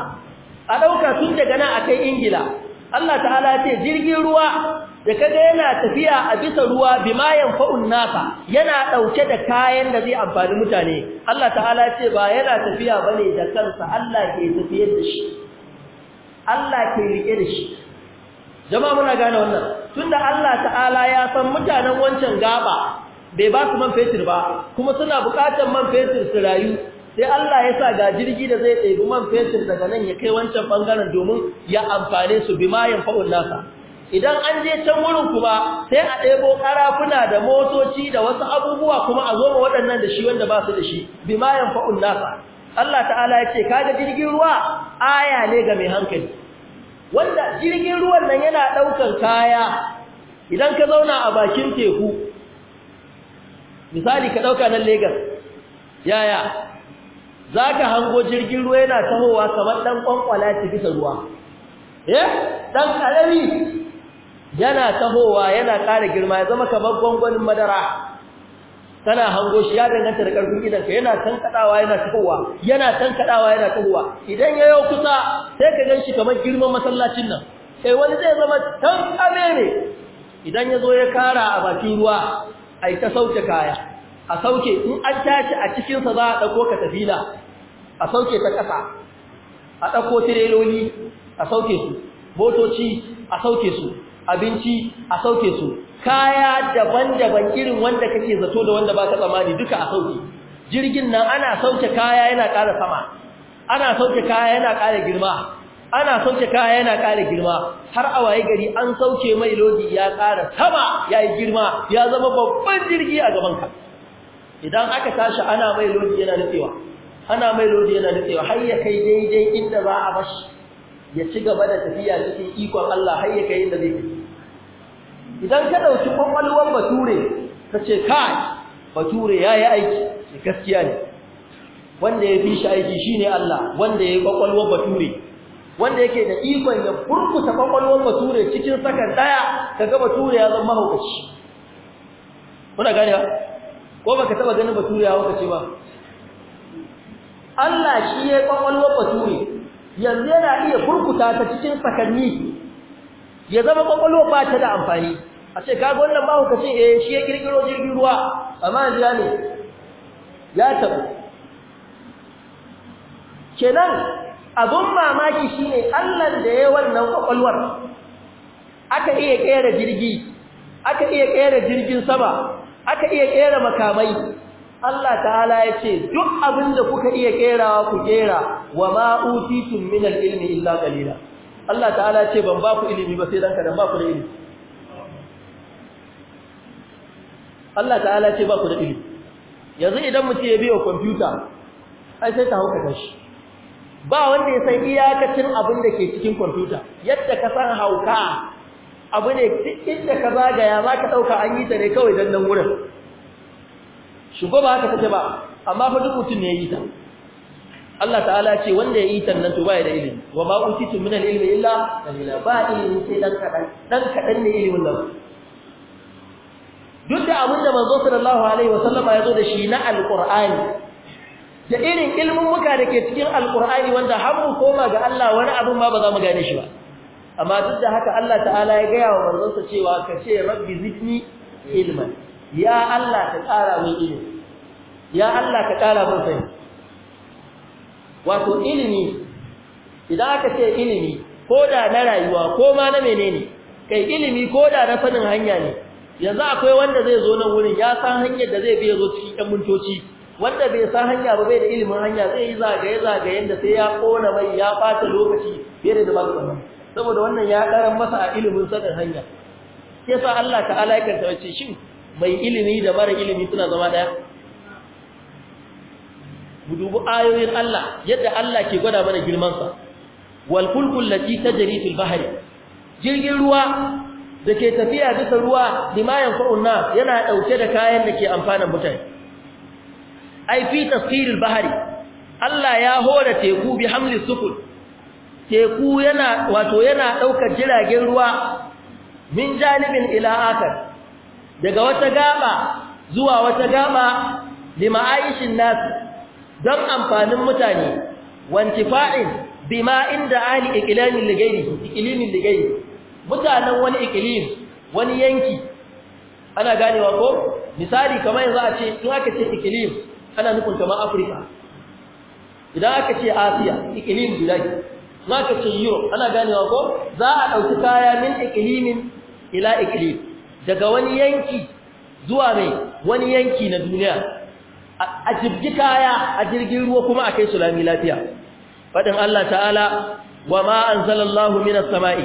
a dauka tun daga nan akai ingila Allah ta'ala ce jirgin ruwa da kaga yana tafiya a bisa ruwa bima yanfa'un nasa yana dauke da kayan da zai amfani mutane Allah ta'ala ce ba yana tafiya bane da kansa Allah ke tafiye da shi Allah ke rike da shi jama'a muna gane wannan tunda Allah ta'ala ya san mutanen wancan gaba bai ba su man fetur ba kuma suna bukatar man fetur su rayu sai Allah ya sa ga jirgi da zai ɗebi man fetur daga nan ya kai wancan bangaren domin ya amfane su bima yanfa'un nasa idan an je can wurin kuma sai a ɗebo karafuna da motoci da wasu abubuwa kuma a zo ma waɗannan da shi wanda ba su da shi bima yanfa'un nasa Allah ta'ala ya ce kaga jirgin ruwa aya ne ga mai hankali wanda jirgin ruwan nan yana ɗaukar kaya idan ka zauna a bakin teku misali ka dauka nan Lagos yaya Za ka hango jirgin ruwa yana tahowa kamar ɗan ƙwanƙwala ta bisa ruwa eh ɗan karami yana tahowa yana ƙara girma ya zama kamar gwangwanin madara Tana hango shi ya danganta da ƙarfin gidanka yana kaɗawa yana tahowa yana tankadawa yana tahowa idan kusa sai ka ganshi kamar girman masallacin nan sai wani zai zama tankame ne idan ya zo ya kara a bakin ruwa ai ta sauke kaya a sauke in an tashi a cikinsa, za a ɗauko ka tafila a sauke ta ƙasa a ɗauko tireloli a sauke su motoci a sauke su abinci a sauke su kaya daban-daban irin wanda kake zato da wanda ba baka tsammani duka a sauke jirgin nan ana sauke kaya yana ƙara sama ana sauke kaya yana ƙara girma ana sauke kaya yana ƙara girma har a waye gari an sauke mai lodi ya ƙara sama ya yi girma ya zama babban jirgi a gabanka idan aka tashi ana mai lodi yana nufewa ana mai lodi yana nutsewa har ya kai daidai inda za a bashi ya ci gaba da tafiya cikin ikon Allah har ya kai inda zai fi idan ka dauki kwakwalwar bature ka ce kai bature ya yi aiki gaskiya ne wanda ya fi shi aiki shi ne Allah wanda ya yi kwakwalwar bature wanda yake da ikon ya burkuta kwakwalwar bature cikin sakan daya kaga bature ya zama mahaukaci kuna gane ko baka taba ganin bature ya ce ba Allah shi ya yi kwakwalwa bature yanzu yana iya kurkuta ta cikin sakanni ya zama ƙwaƙwalwar ba ta da amfani a ce kaga wannan ba ce eh shi ya ƙirƙiro jirgin ruwa amma yanzu ya ne ya taɓa. kenan abin mamaki shine Allah da ya wannan kwakwalwar aka iya ƙera jirgi aka iya ƙera jirgin sama aka iya ƙera makamai Allah ta'ala ya ce duk abin da kuka iya kerawa ku kera wa ma utitum min al-ilmi illa qalila Allah ta'ala ya ce ban ba ku ilimi ba sai dan kadan ba ku da ilimi Allah ta'ala ya ce ba ku da ilimi yanzu idan mutum ya biyo computer ai sai ta hauka tashi ba wanda ya san iyakacin abin da ke cikin computer yadda ka san hauka abu ne duk inda ka zagaya ba ka dauka an yi ta ne kawai dan nan wurin shi ko ba haka take ba amma fa duk mutum ne ya yi ta Allah ta'ala ce wanda ya yi ta nan to baya da ilimi wa ma utitu min al-ilmi illa qalila ba ilimi sai dan kadan dan kadan ne ilimin nan duk da abin da manzo sallallahu alaihi wasallam ya zo da shi na alqur'ani da irin ilmin muka da ke cikin alqur'ani wanda har mu koma ga Allah wani abin ma ba za mu gane shi ba amma duk da haka Allah ta'ala ya gaya wa manzonsa cewa ka ce rabbi zidni ilman ya Allah ta ƙara min ilimi ya Allah ka ƙara mun sai wato ilimi idan aka ce ilimi ko da na rayuwa ko ma na menene kai ilimi ko da na sanin hanya ne yanzu akwai wanda zai zo nan wurin ya san hanyar da zai bi ya zo cikin ɗan mintoci wanda bai san hanya ba bai da ilimin hanya zai yi zagaye-zagayen da sai ya kona mai ya fata lokaci fiye da zama da saboda wannan ya karan masa a ilimin sanin hanya sai sa Allah ta'ala alaikanta wace shin mai ilimi da mara ilimi suna zama daya mu dubi ayoyin Allah yadda Allah ke gwada mana girmansa sa wal fulkul lati tajri fil bahri jirgin ruwa da ke tafiya bisa ruwa limayan fa'unna yana dauke da kayan da ke amfanin mutane ai fi tasfiril bahri Allah ya hora teku bi hamli teku yana wato yana daukar jiragen ruwa min janibin ila akar daga wata gaba zuwa wata gaba Aishin nasu don amfanin mutane bi ma inda ahli iqlamin ligairi ikilimin ligairi mutanen wani ikilim wani yanki ana ganewa ko misali kamar yanzu a ce in aka ce ikilim ana nufin kamar Afirka. idan aka ce Asiya ikilim guda in aka ce Europe ana ganewa ko za a ɗauki kaya min ikilimin ila ikilim daga wani yanki zuwa mai wani yanki na duniya a jibgi kaya a jirgin ruwa kuma a kai su lafiya faɗin Allah ta'ala wa ma anzalallahu minas sama'i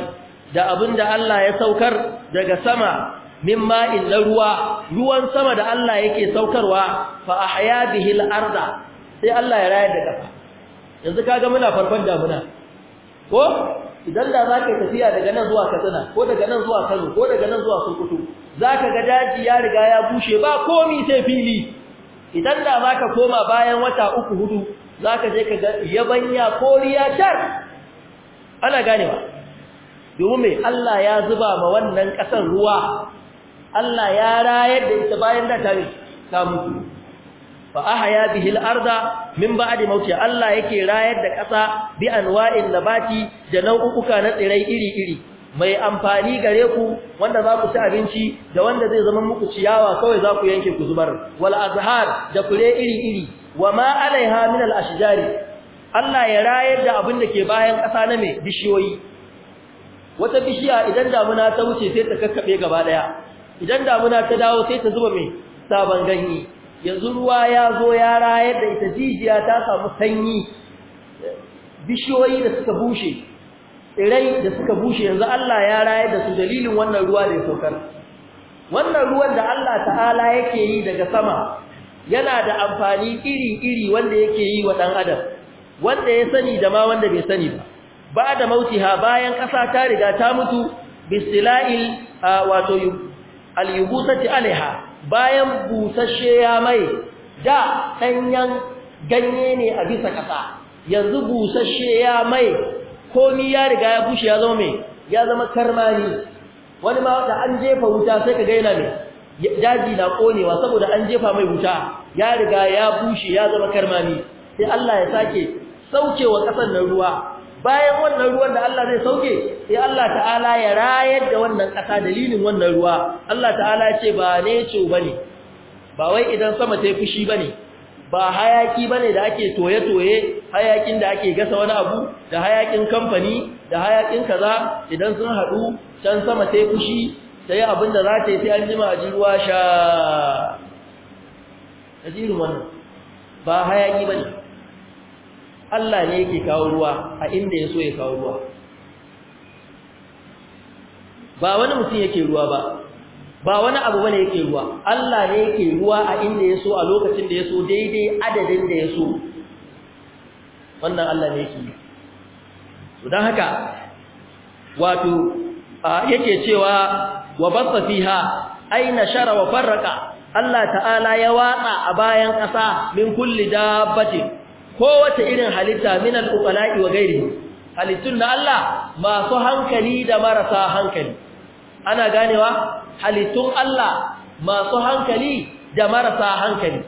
da abinda Allah ya saukar daga sama min ma'in na ruwa ruwan sama da Allah yake saukarwa fa ahya bihi arda sai Allah ya rayar da kafa yanzu kaga muna farkon damuna ko idan da zaka tafiya daga nan zuwa katsina ko daga nan zuwa kano ko daga nan zuwa sokoto za ka ga daji ya riga ya bushe ba komi sai fili idan da ka koma bayan wata uku hudu zaka je ka ga yabanya koriya tar ana ganewa domin me Allah ya zuba ma wannan kasar ruwa Allah ya rayar da ita bayan da ta ta mutu fa ahya bihi al-arda min ba'di mauti Allah yake rayar da kasa bi anwa'in nabati da nau'uka na tsirai iri-iri mai amfani gare ku wanda za ku ci abinci da wanda zai zama muku ciyawa kawai za ku yanke ku zubar wal azhar da kure iri iri wa ma alaiha min al ashjari Allah ya rayar da abin da ke bayan ƙasa na mai bishiyoyi wata bishiya idan damuna ta wuce sai ta kakkabe gaba daya idan damuna ta dawo sai ta zuba mai sabon ganye yanzu ruwa ya zo ya rayar da ita jijiya ta samu sanyi bishiyoyi da suka bushe tsirai da suka bushe yanzu Allah ya rayar da su dalilin wannan ruwa da ya saukar wannan ruwan da Allah ta'ala yake yi daga sama yana da amfani iri-iri wanda yake yi wa ɗan adam wanda ya sani da ma wanda bai sani ba ba da mauti ha bayan ƙasa ta riga ta mutu bisila'il wato al-yubusati alaiha bayan busasshe ya mai da ɗanyen ganye ne a bisa ƙasa yanzu busasshe ya mai komi ya riga ya bushe ya zama me ya zama karmani wani ma da an jefa wuta sai ka yana me daji na konewa saboda an jefa mai wuta ya riga ya bushe ya zama karmani sai Allah ya sake saukewa kasar nan ruwa bayan wannan ruwan da Allah zai sauke sai Allah ta'ala ya rayar da wannan kasa dalilin wannan ruwa Allah ta'ala ya ce ba ne ce bane ba wai idan sama ta yi fushi bane ba hayaki bane da ake toye-toye hayakin da ake gasa wani abu da hayakin kamfani da hayakin kaza idan sun haɗu can sama sai kushi sai abin da za ta yi sai an jima a ji ruwa sha asirin wannan ba hayaki bane Allah ne yake kawo ruwa a inda ya so ya kawo ruwa ba wani mutum yake ruwa ba ba wani abu bane yake ruwa Allah ne yake ruwa a inda yaso a lokacin da yaso daidai adadin da yaso wannan Allah ne yake to dan haka wato yake cewa wa batta fiha aina shara wa farraka Allah ta'ala ya watsa a bayan ƙasa min kulli dabbatin kowace irin halitta min al-uqala'i wa ghairihi halittun na Allah masu hankali da marasa hankali ana ganewa halittun Allah masu hankali da marasa hankali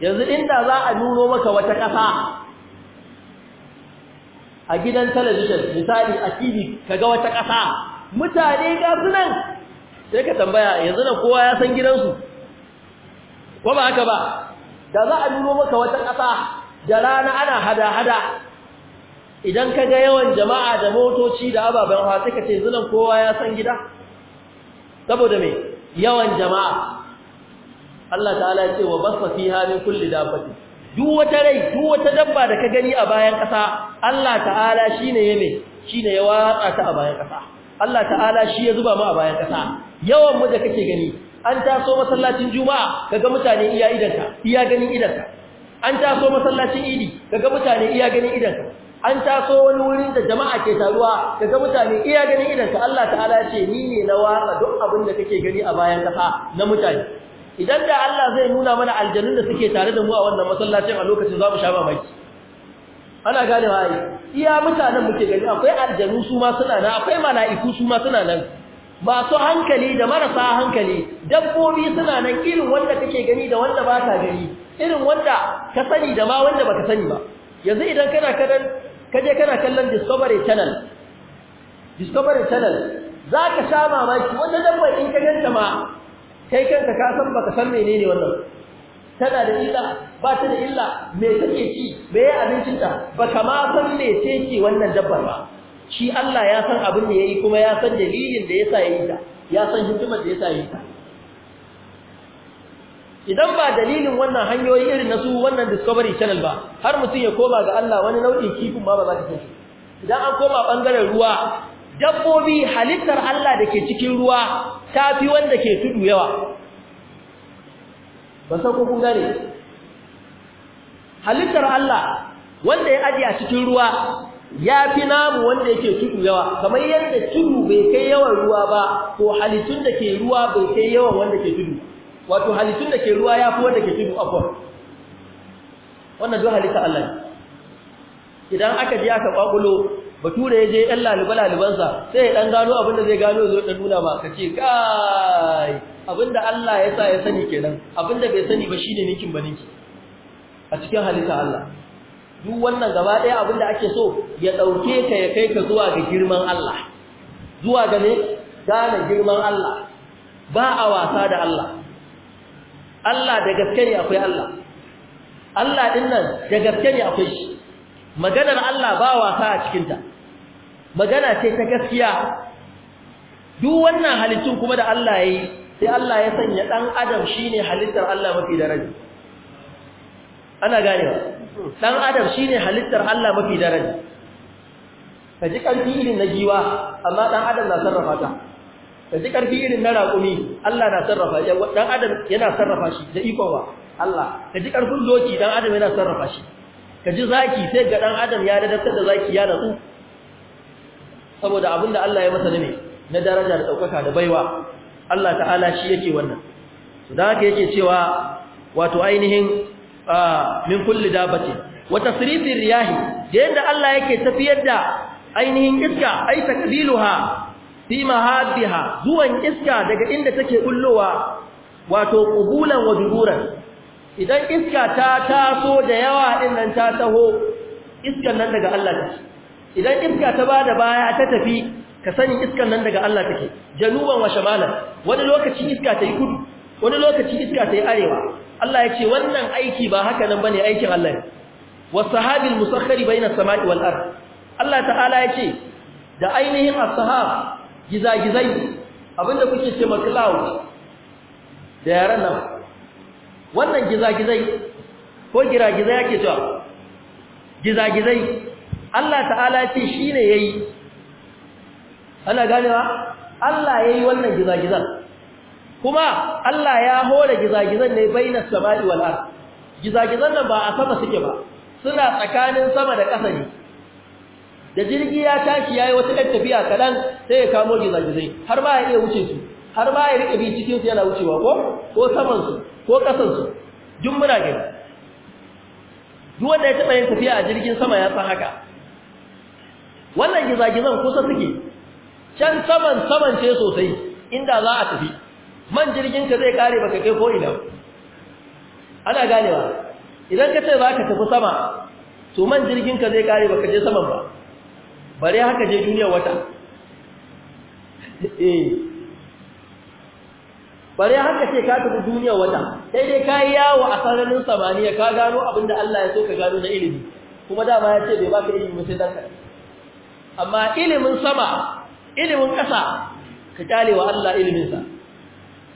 yanzu inda za a nuno maka wata ƙasa a gidan talabijin misali a tv kaga wata ƙasa mutane ga nan sai ka tambaya yanzu na kowa ya san gidansu ko ba haka ba da za a nuno maka wata ƙasa da rana ana hada-hada idan ka ga yawan jama'a da motoci da ababen hawa sai ka ce zunan kowa ya san gida saboda me yawan jama'a Allah ta'ala ya ce wa basa fiha min kulli dabbati duk wata rai duk wata dabba da ka gani a bayan ƙasa Allah ta'ala shine yeme shine ya watsa ta a bayan ƙasa Allah ta'ala shi ya zuba mu a bayan ƙasa yawan mu da kake gani an taso masallacin juma'a kaga mutane iya idanka iya ganin idanka an taso masallacin idi kaga mutane iya ganin idanka an taso wani wurin da jama'a ke taruwa kaga mutane iya ganin idan ka Allah ta'ala ya ce ni ne na watsa duk abin da kake gani a bayan kafa na mutane idan da Allah zai nuna mana aljanun da suke tare da mu a wannan masallacin a lokacin za mu sha mamaki ana gane wa iya mutanen muke gani akwai aljanu su ma suna nan akwai mala'iku su ma suna nan masu hankali da marasa hankali dabbobi suna nan irin wanda kake gani da wanda ba ka gani irin wanda ka sani da ma wanda ba ka sani ba yanzu idan kana karan kaje kana kallon discovery channel discovery channel zaka sha mamaki wata dabba in ka ganta ma kai kanka ka san baka san menene wannan tana da illa ba ta da illa me take ci me ya abincin ta baka ma san me ce wannan dabbar ba shi Allah ya san abin da yayi kuma ya san dalilin da yasa yayi ta ya san hikimar da yasa yayi ta idan ba dalilin wannan hanyoyi irin na su wannan discovery channel ba har mutum ya koma ga Allah wani nau'in kifin ba ba za ka san idan an koma bangaren ruwa dabbobi halittar Allah da ke cikin ruwa ta fi wanda ke tudu yawa ba san ko kun gane halittar Allah wanda ya aje a cikin ruwa ya fi namu wanda yake tudu yawa kamar yadda tudu bai kai yawan ruwa ba ko halittun da ke ruwa bai kai yawan wanda ke tudu ba wato halittun da ke ruwa ya fi wanda ke tudu afwan wannan zuwa halitta Allah idan aka ji aka kwakulo bature ya je ɗan laluba-lalubansa sai ya ɗan gano abin da zai gano zo ɗan nuna ba, ka ce kai abin da Allah ya sa ya sani kenan abin da bai sani ba shi ne ninkin ba ninki a cikin halitta Allah duk wannan gaba ɗaya abin da ake so ya ɗauke ka ya kai ka zuwa ga girman Allah zuwa ga ne gane girman Allah ba a wasa da Allah Allah da gaske ne akwai Allah Allah din nan da gaske ne akwai shi maganar Allah ba wasa a cikin ta magana ce ta gaskiya duk wannan halittun kuma da Allah yayi sai Allah ya sanya dan adam shine halittar Allah mafi daraja ana ganewa dan adam shine halittar Allah mafi daraja ka ji ƙarfi irin na jiwa, amma ɗan adam na sarrafa ta ka ji karfi irin na raƙumi Allah na sarrafa dan adam yana sarrafa shi da ikon wa Allah ka ji karfin doki dan adam yana sarrafa shi ka ji zaki sai ga dan adam ya dadaftar da zaki ya natsu saboda abinda Allah ya masa ne na daraja da daukaka da baiwa Allah ta'ala shi yake wannan to dan haka yake cewa wato ainihin min kulli dabati wa tasrifir riyahi da yanda Allah yake tafiyar da ainihin iska ai takbiluha fi mahaddiha zuwan iska daga inda take bullowa wato qubulan wa duburan idan iska ta taso da yawa din nan ta taho iskan nan daga Allah take idan iska ta bada baya ta tafi ka sani iskan nan daga Allah take januban wa shamalan wani lokaci iska ta yi kudu wani lokaci iska ta yi arewa Allah ya ce wannan aiki ba haka nan bane aikin Allah ne wasahabil musakhkhari bayna samai wal ard Allah ta'ala ya ce da ainihin as-sahab gizagizai abinda kuke ce ma cloud da yaran nan wannan gizagizai ko giragizai yake cewa gizagizai Allah ta'ala ya ce shine yayi ana ganewa Allah yayi wannan gizagizan kuma Allah ya hore gizagizan ne bainas sama'i wal ard gizagizan nan ba a sama suke ba suna tsakanin sama da ƙasa ne da jirgi ya tashi yayi wata ɗan tafiya kadan sai ya kamo gizagizai har ba ya iya wuce su har ba ya rike bi cikin su yana wucewa ko ko saman su ko kasan su duk muna gani duk wanda ya taɓa yin tafiya a jirgin sama ya san haka wannan gizagizan kusa suke can saman saman ce sosai inda za a tafi man jirgin ka zai kare baka kai ko ina ana ganewa idan ka ce za ka tafi sama to man jirgin ka zai kare baka je saman ba bare haka je duniyar wata eh bare haka ce ka tafi duniyar wata sai dai kai yawo a sararin samaniya ka gano abinda Allah ya so ka gano na ilimi kuma dama ya ce bai baka ilimi sai danka amma ilimin sama ilimin ƙasa ka kyale wa Allah iliminsa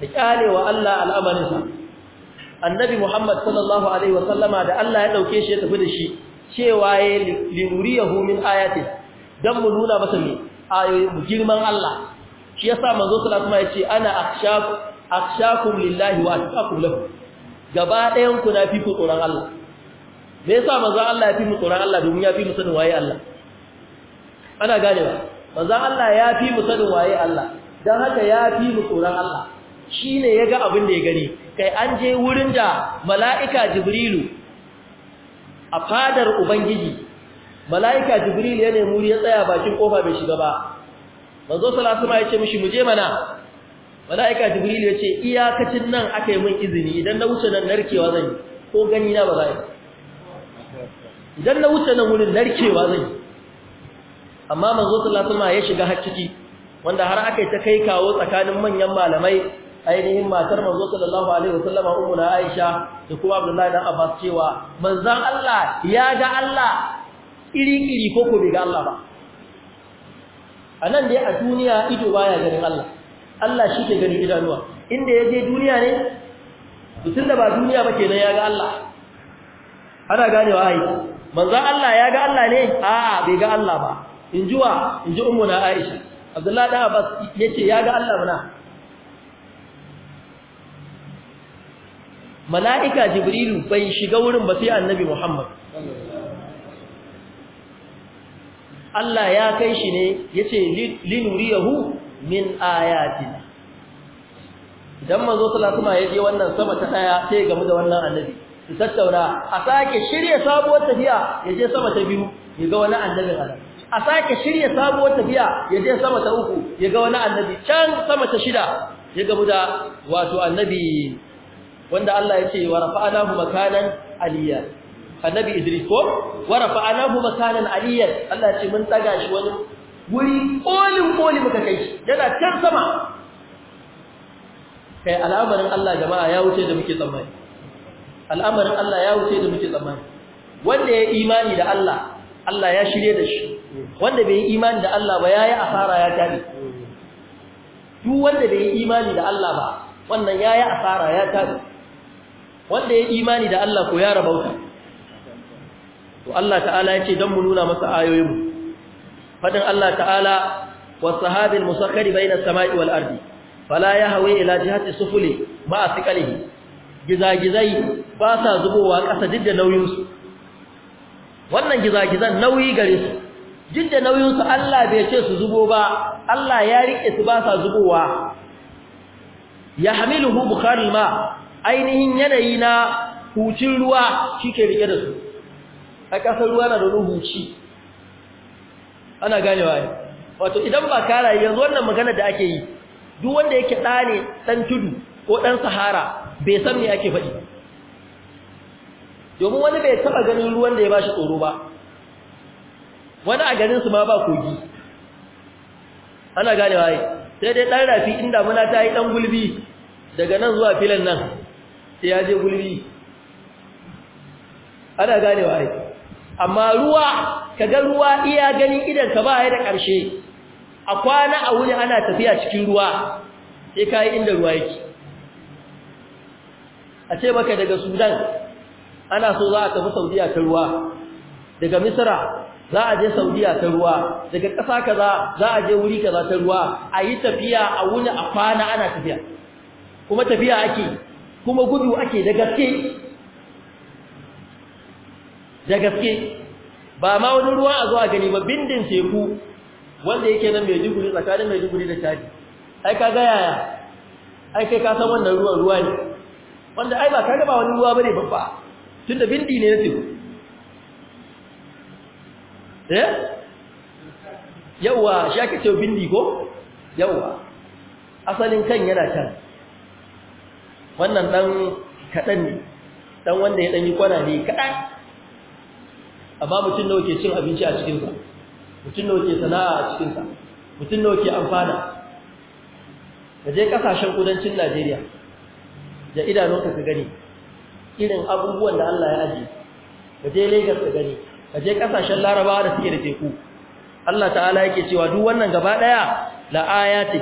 ka kyale wa Allah al'amarinsa annabi Muhammad sallallahu alaihi wasallama da Allah ya dauke shi ya tafi da shi cewa ya linuriyahu min ayatihi dan mu nuna masa ne a mu eh, girman Allah shi yasa manzo sallallahu alaihi wasallam yace ana akhshaku akhshakum lillahi wa atqakum lahu gaba ɗayan ku na fi ku tsoron Allah me yasa manzo Allah ya fi mu tsoron Allah domin ya fi mu sanin waye Allah ana gane ba manzo Allah ya fi mu sanin waye Allah dan haka ya fi mu tsoron Allah shine yaga abin da ya gani kai an je wurin da mala'ika jibrilu a fadar ubangiji mala'ika jibril ya nemi wuri ya tsaya bakin kofa bai shiga ba manzo salatu alaihi ya ce mishi muje mana mala'ika jibril ya ce iyakacin nan aka yi mun izini idan na wuce nan narkewa zan yi ko gani na ba za idan na wuce nan wurin narkewa zan yi amma manzo salatu alaihi ya shiga har ciki wanda har aka yi ta kai kawo tsakanin manyan malamai ainihin matar manzo sallallahu alaihi wasallama ummu na Aisha da kuma Abdullahi dan Abbas cewa manzon Allah ya ga Allah iri-iri ko ko bai ga Allah ba a nan dai a duniya ido baya ganin Allah Allah shi ke ganin idanuwa inda ya je duniya ne tun da ba duniya ba kenan ya ga Allah ana ganewa ai manzon Allah ya ga Allah ne a'a bai ga Allah ba in jiwa in ji ummuna Aisha Abdullahi da Abbas yace ya ga Allah mana mala'ika jibrilu bai shiga wurin ba sai annabi Muhammad Allah ya kai shi ne ya yace linuriyahu min ayatina idan mazo sallallahu alaihi ya je wannan sama ta daya sai gamu da wannan annabi su tattauna a sake shirye sabuwar tafiya ya je sama ta biyu ya ga wani annabi a sake shirye sabuwar tafiya ya je sama ta uku ya ga wani annabi can sama ta shida ya gamu da wato annabi wanda Allah ya ce wa rafa'anahu makanan aliyya annabi idris ko wa rafa'anahu makanan aliyan Allah ce mun daga shi wani wuri kolin koli muka kai shi yana can sama kai al'amarin Allah jama'a ya wuce da muke tsammani al'amarin Allah ya wuce da muke tsammani wanda ya imani da Allah Allah ya shirye da shi wanda bai imani da Allah ba yayi asara ya tabi duk wanda bai imani da Allah ba wannan yayi asara ya tabi wanda ya imani da Allah ko ya rabauta to Allah ta'ala ya ce don mu nuna masa ayoyinmu faɗin Allah ta'ala wasu haɗin musakkari bai na sama'i wal ardi fala ya hawe ila jihati sufuli ma a gizagizai ba sa zubowa ƙasa duk da nauyinsu wannan gizagizan nauyi gare su duk da nauyinsu Allah bai ce su zubo ba Allah ya riƙe su ba sa zubowa ya hamiluhu ma ainihin yanayi na hucin ruwa shi ke riƙe da su a ƙasar ruwa na da ruhuci ana ganewa ne wato idan ba kara yanzu wannan magana da ake yi duk wanda yake ɗa ne ɗan tudu ko ɗan sahara bai san me ake faɗi domin wani bai taɓa ganin ruwan da ya ba shi tsoro ba wani a ganinsu ma ba kogi ana ganewa ne sai dai ɗan rafi inda muna ta yi ɗan gulbi daga nan zuwa filan nan sai ya je gulbi ana ganewa ne amma ruwa kaga ruwa iya ganin idan ka ba ya da ƙarshe a kwana a wuri ana tafiya cikin ruwa sai kai inda ruwa yake a ce maka daga sudan ana so za a tafi saudiya ta ruwa daga misra za a je saudiya ta ruwa daga ƙasa kaza za a je wuri kaza ta ruwa a yi tafiya a wuni a kwana ana tafiya kuma tafiya ake kuma gudu ake da gaske da gaske ba ma wani ruwa a zuwa gani ba bindin teku wanda yake nan mai duguri tsakanin mai duguri da tadi ai ka ga yaya ai kai ka san wannan ruwan ruwa ne wanda ai ba ka ba wani ruwa bane babba tunda bindi ne na teku eh yawa shi ake cewa bindi ko yawa asalin kan yana can wannan dan kadan ne dan wanda ya ɗan yi kwana ne kadan amma mutum nawa ke cin abinci a cikinsa mutum nawa ke sana'a a cikinsa mutum nawa ke amfana kaje je kasashen kudancin najeriya da idanunka ka gani irin abubuwan da allah ya ajiye kaje je lagos ka gani kaje je kasashen larabawa da suke da teku allah ta'ala yake cewa duk wannan gaba daya la ayati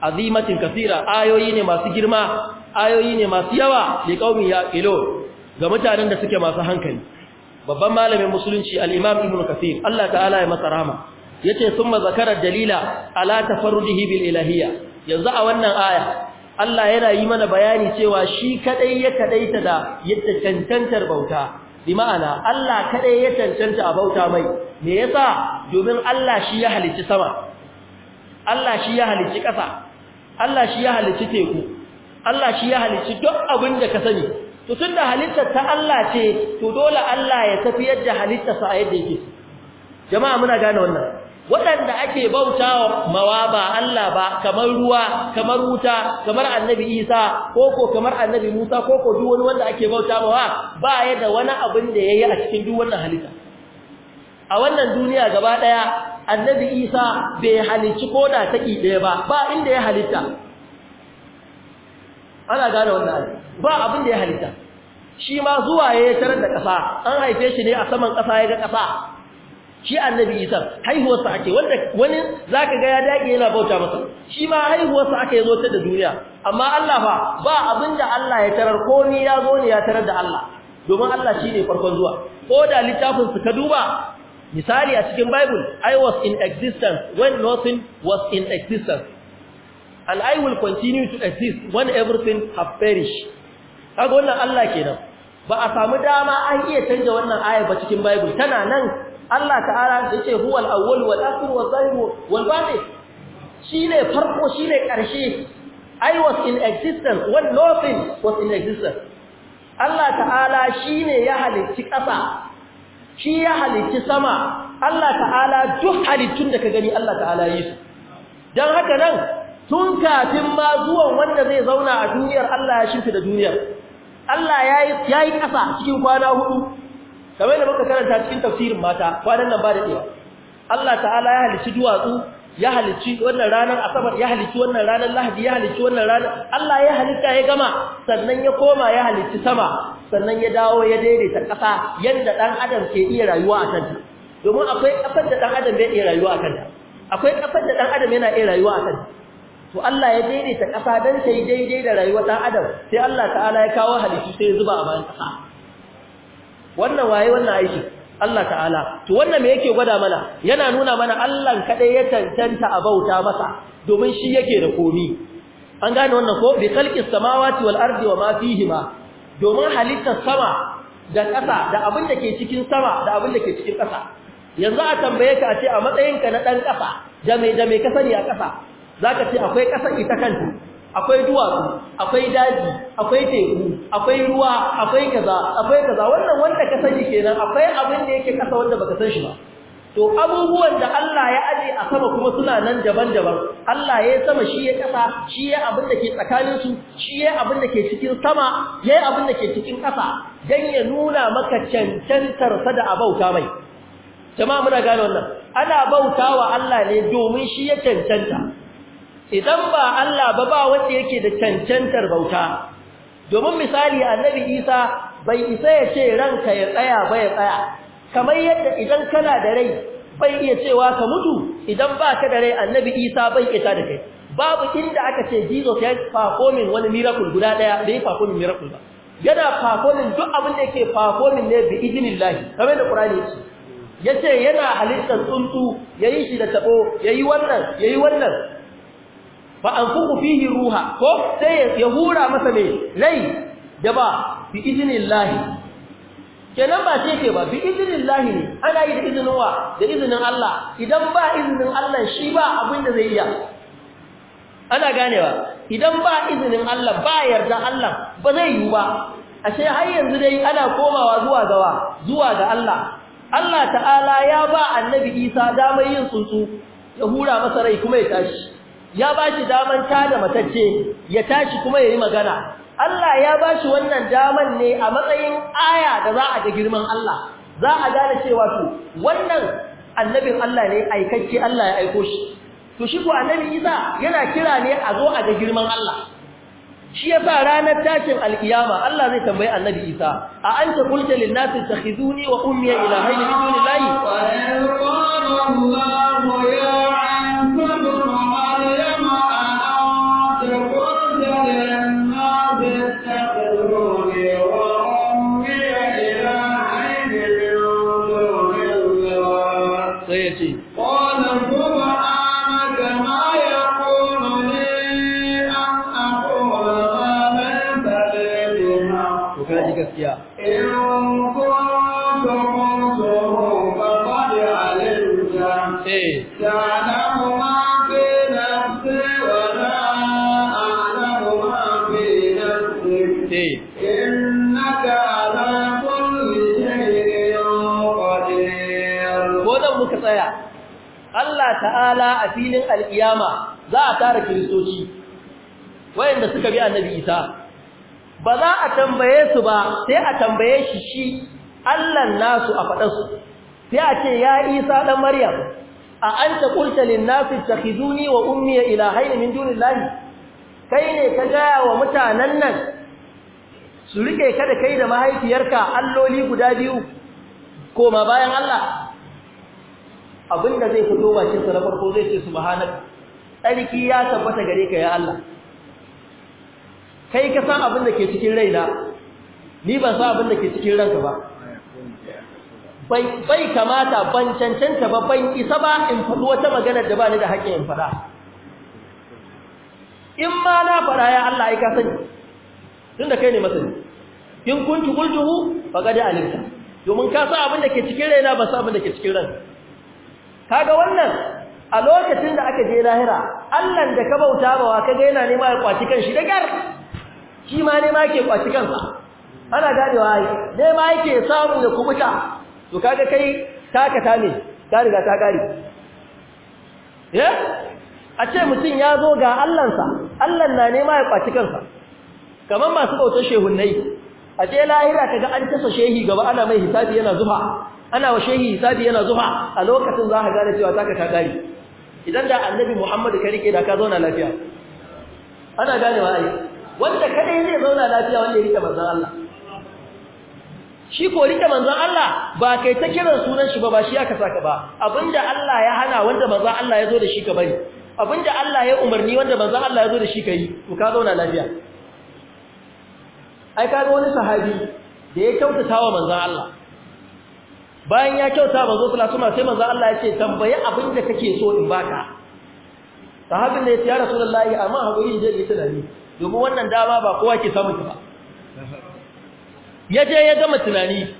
azimatin kasira ayoyi ne masu girma ayoyi ne masu yawa li qaumin yaqilun ga mutanen da suke masu hankali babban malamin musulunci al-imam ibn kathir Allah ta'ala ya masa rahama yace summa zakara dalila ala tafarrudihi bil ilahiyya yanzu a wannan aya Allah yana yi mana bayani cewa shi kadai ya kadaita da yadda cancantar bauta bi ma'ana Allah kadai ya cancanta a bauta mai me yasa domin Allah shi ya halicci sama Allah shi ya halicci ƙasa Allah shi ya halicci teku Allah shi ya halicci duk abin da ka sani to tunda halittar ta Allah ce to dole Allah ya tafiyar da halittar sa a yadda yake jama'a muna gane wannan waɗanda ake bautawa mawa ba Allah ba kamar ruwa kamar wuta kamar annabi Isa koko kamar annabi Musa koko duk wani wanda ake bautawa ba ya da wani abin da yayi a cikin duk wannan halitta a wannan duniya gaba daya annabi Isa bai halicci koda taki daya ba ba inda ya halitta ana gane wannan ba abin da ya halitta shi ma zuwa ya tarar da ƙasa an haife shi ne a saman ƙasa ya ga ƙasa shi annabi isa haihuwarsa ake wanda wani zaka ga ya daƙi yana bauta masa shi ma haihuwarsa aka yi ta da duniya amma Allah fa ba abinda Allah ya tarar ko ni ya zo ne ya tarar da Allah domin Allah shi ne farkon zuwa ko da littafin su ka duba misali a cikin bible i was in existence when nothing was in existence and i will continue to exist when everything have perished kaga wannan Allah kenan ba a samu dama an iya canja wannan ayar ba cikin bible tana nan Allah ta'ala da yake huwal awwal wal akhir wal zahir wal batin shine farko shine karshe i was in existence when nothing was in existence Allah ta'ala shine ya halicci ƙasa shi ya halicci sama Allah ta'ala duk halittun da ka gani Allah ta'ala yi su dan haka nan tun kafin ma zuwan wanda zai zauna a duniyar Allah ya shimfi da duniyar Allah ya yi ƙasa cikin kwana hudu kamar da muka karanta cikin tafsirin mata kwanan nan ba da ɗewa Allah ta'ala ya halicci duwatsu ya halicci wannan ranar asabar ya halicci wannan ranar lahadi ya halicci wannan ranar Allah ya halitta ya gama sannan ya koma ya halicci sama sannan ya dawo ya daidaita ƙasa yadda ɗan adam ke iya rayuwa a kanta domin akwai ƙasar da ɗan adam bai iya rayuwa a kanta akwai ƙasar da ɗan adam yana iya rayuwa a kanta to Allah ya daidaita ƙasa don ta yi daidai da rayuwar ɗan adam sai Allah ta'ala ya kawo halittu sai ya zuba a bayan ƙasa wannan waye wannan aiki Allah ta'ala to wannan me yake gwada mana yana nuna mana Allah kadai ya tantanta a bauta masa domin shi yake da komi an gane wannan ko bi khalqis samawati wal ardi wa ma fihima domin halittar sama da ƙasa da abin da ke cikin sama da abin da ke cikin ƙasa yanzu a tambaye ka a ce a matsayinka na ɗan ƙasa da me da me ka sani a ƙasa zaka ce akwai ƙasar ita kanta akwai duwatsu akwai daji akwai teku akwai ruwa akwai kaza akwai kaza wannan wanda ka sani kenan akwai abin da yake ƙasa wanda baka san shi ba to abubuwan da Allah ya aje a sama kuma suna nan daban-daban Allah ya sama shi ya kasa shi ya abin da ke tsakanin su shi ya abin da ke cikin sama ya abin da ke cikin kasa dan ya nuna maka cancantar sa da abauta mai jama'a muna gane wannan ana bautawa Allah ne domin shi ya cancanta idan ba Allah ba ba wanda yake da cancantar bauta domin misali annabi Isa bai isa ya ce ranka ya tsaya ba ya tsaya kamar yadda idan kana da rai bai iya cewa ka mutu idan baka da rai annabi Isa bai isa da kai babu inda aka ce Jesus ya performing wani miracle guda daya bai performing miracle ba yana performing duk abin da yake performing ne bi idinillahi kamar da Qur'ani yake yace yana halittar tsuntsu yayi shi da tabo yayi wannan yayi wannan fa anfuqu fihi ruha ko sai ya hura masa ne rai da ba bi idinillahi kenan ba ce ke ba bi ne ana yi da izinin wa da izinin Allah idan ba izinin Allah shi ba abin da zai iya ana ganewa idan ba izinin Allah ba yarda Allah ba zai yi ba ashe har yanzu dai ana komawa zuwa gawa zuwa ga Allah Allah ta'ala ya ba annabi Isa damar yin tsuntsu ya hura masa rai kuma ya tashi ya bashi daman tada matacce ya tashi kuma ya yi magana Allah ya bashi wannan daman ne a matsayin aya da za a ga girman Allah za a gane cewa to wannan annabin Allah ne aikacce Allah ya aiko shi to shi ko annabi Isa yana kira ne a zo a ga girman Allah shi yasa ranar tashin alkiyama Allah zai tambayi annabi Isa a anta kulta lin nasi takhizuni wa ummiya ilahayn min wa qala Allahu ya ta'ala a filin aliyama za a tara kiristoci wayanda suka bi annabi isa ba za a tambaye su ba sai a tambaye shi shi allan nasu a su, sai a ce ya isa ɗan maryam a an ta ƙulta linnasi ta hizuni wa ummiya ilahaini min dunillahi kai ne ka gaya wa mutanen nan su riƙe kada kai da mahaifiyarka alloli guda biyu koma bayan allah abinda zai fito bakin sa na farko zai ce subhanak tsarki ya tabbata gare ka ya Allah kai ka san abin da ke cikin raina ni ban san abin da ke cikin ranka ba bai kamata ban cancanta ba ban isa ba in faɗi wata magana da ba ni da haƙƙin in faɗa in ma na faɗa ya Allah ai ka sani tun da kai ne masani in kuntu qultuhu faqad alimta domin ka san abin da ke cikin raina ba san abin da ke cikin ranka kaga wannan a lokacin da aka je lahira Allah da ka bauta bawa kaga yana nema ya kwaci kan shi da gar shi ma nema yake kwaci kansa ana gadewa ai nema yake samu da kubuta to kaga kai taka ta ne ta riga ta gari eh a ce mutum ya zo ga sa Allah na nema ya kwaci kansa kamar masu bautar shehunnai a ce lahira kaga an tasa shehi gaba ana mai hisabi yana zufa ana wa shehi hisabi yana zuwa a lokacin za ka gane cewa taka ka kare idan da annabi muhammadu ka rike da ka zauna lafiya ana ganewa ai wanda kadai zai zauna lafiya wanda ya rike manzan Allah shi ko rike manzan Allah ba kai ta kiran sunan shi ba ba shi aka saka ba abinda Allah ya hana wanda manzan Allah ya zo da shi ka bari abinda Allah ya umarni wanda manzan Allah ya zo da shi ka yi to ka zauna lafiya ai kaga wani sahabi da ya kyautata wa manzan Allah bayan ya kyauta zo sallallahu suna sai manzo Allah ya ce tambaye abin da kake so in baka sahabin da ya ce ya rasulullahi amma hakuri je yi tunani domin wannan dama ba kowa ke samun ba ya je ya gama tunani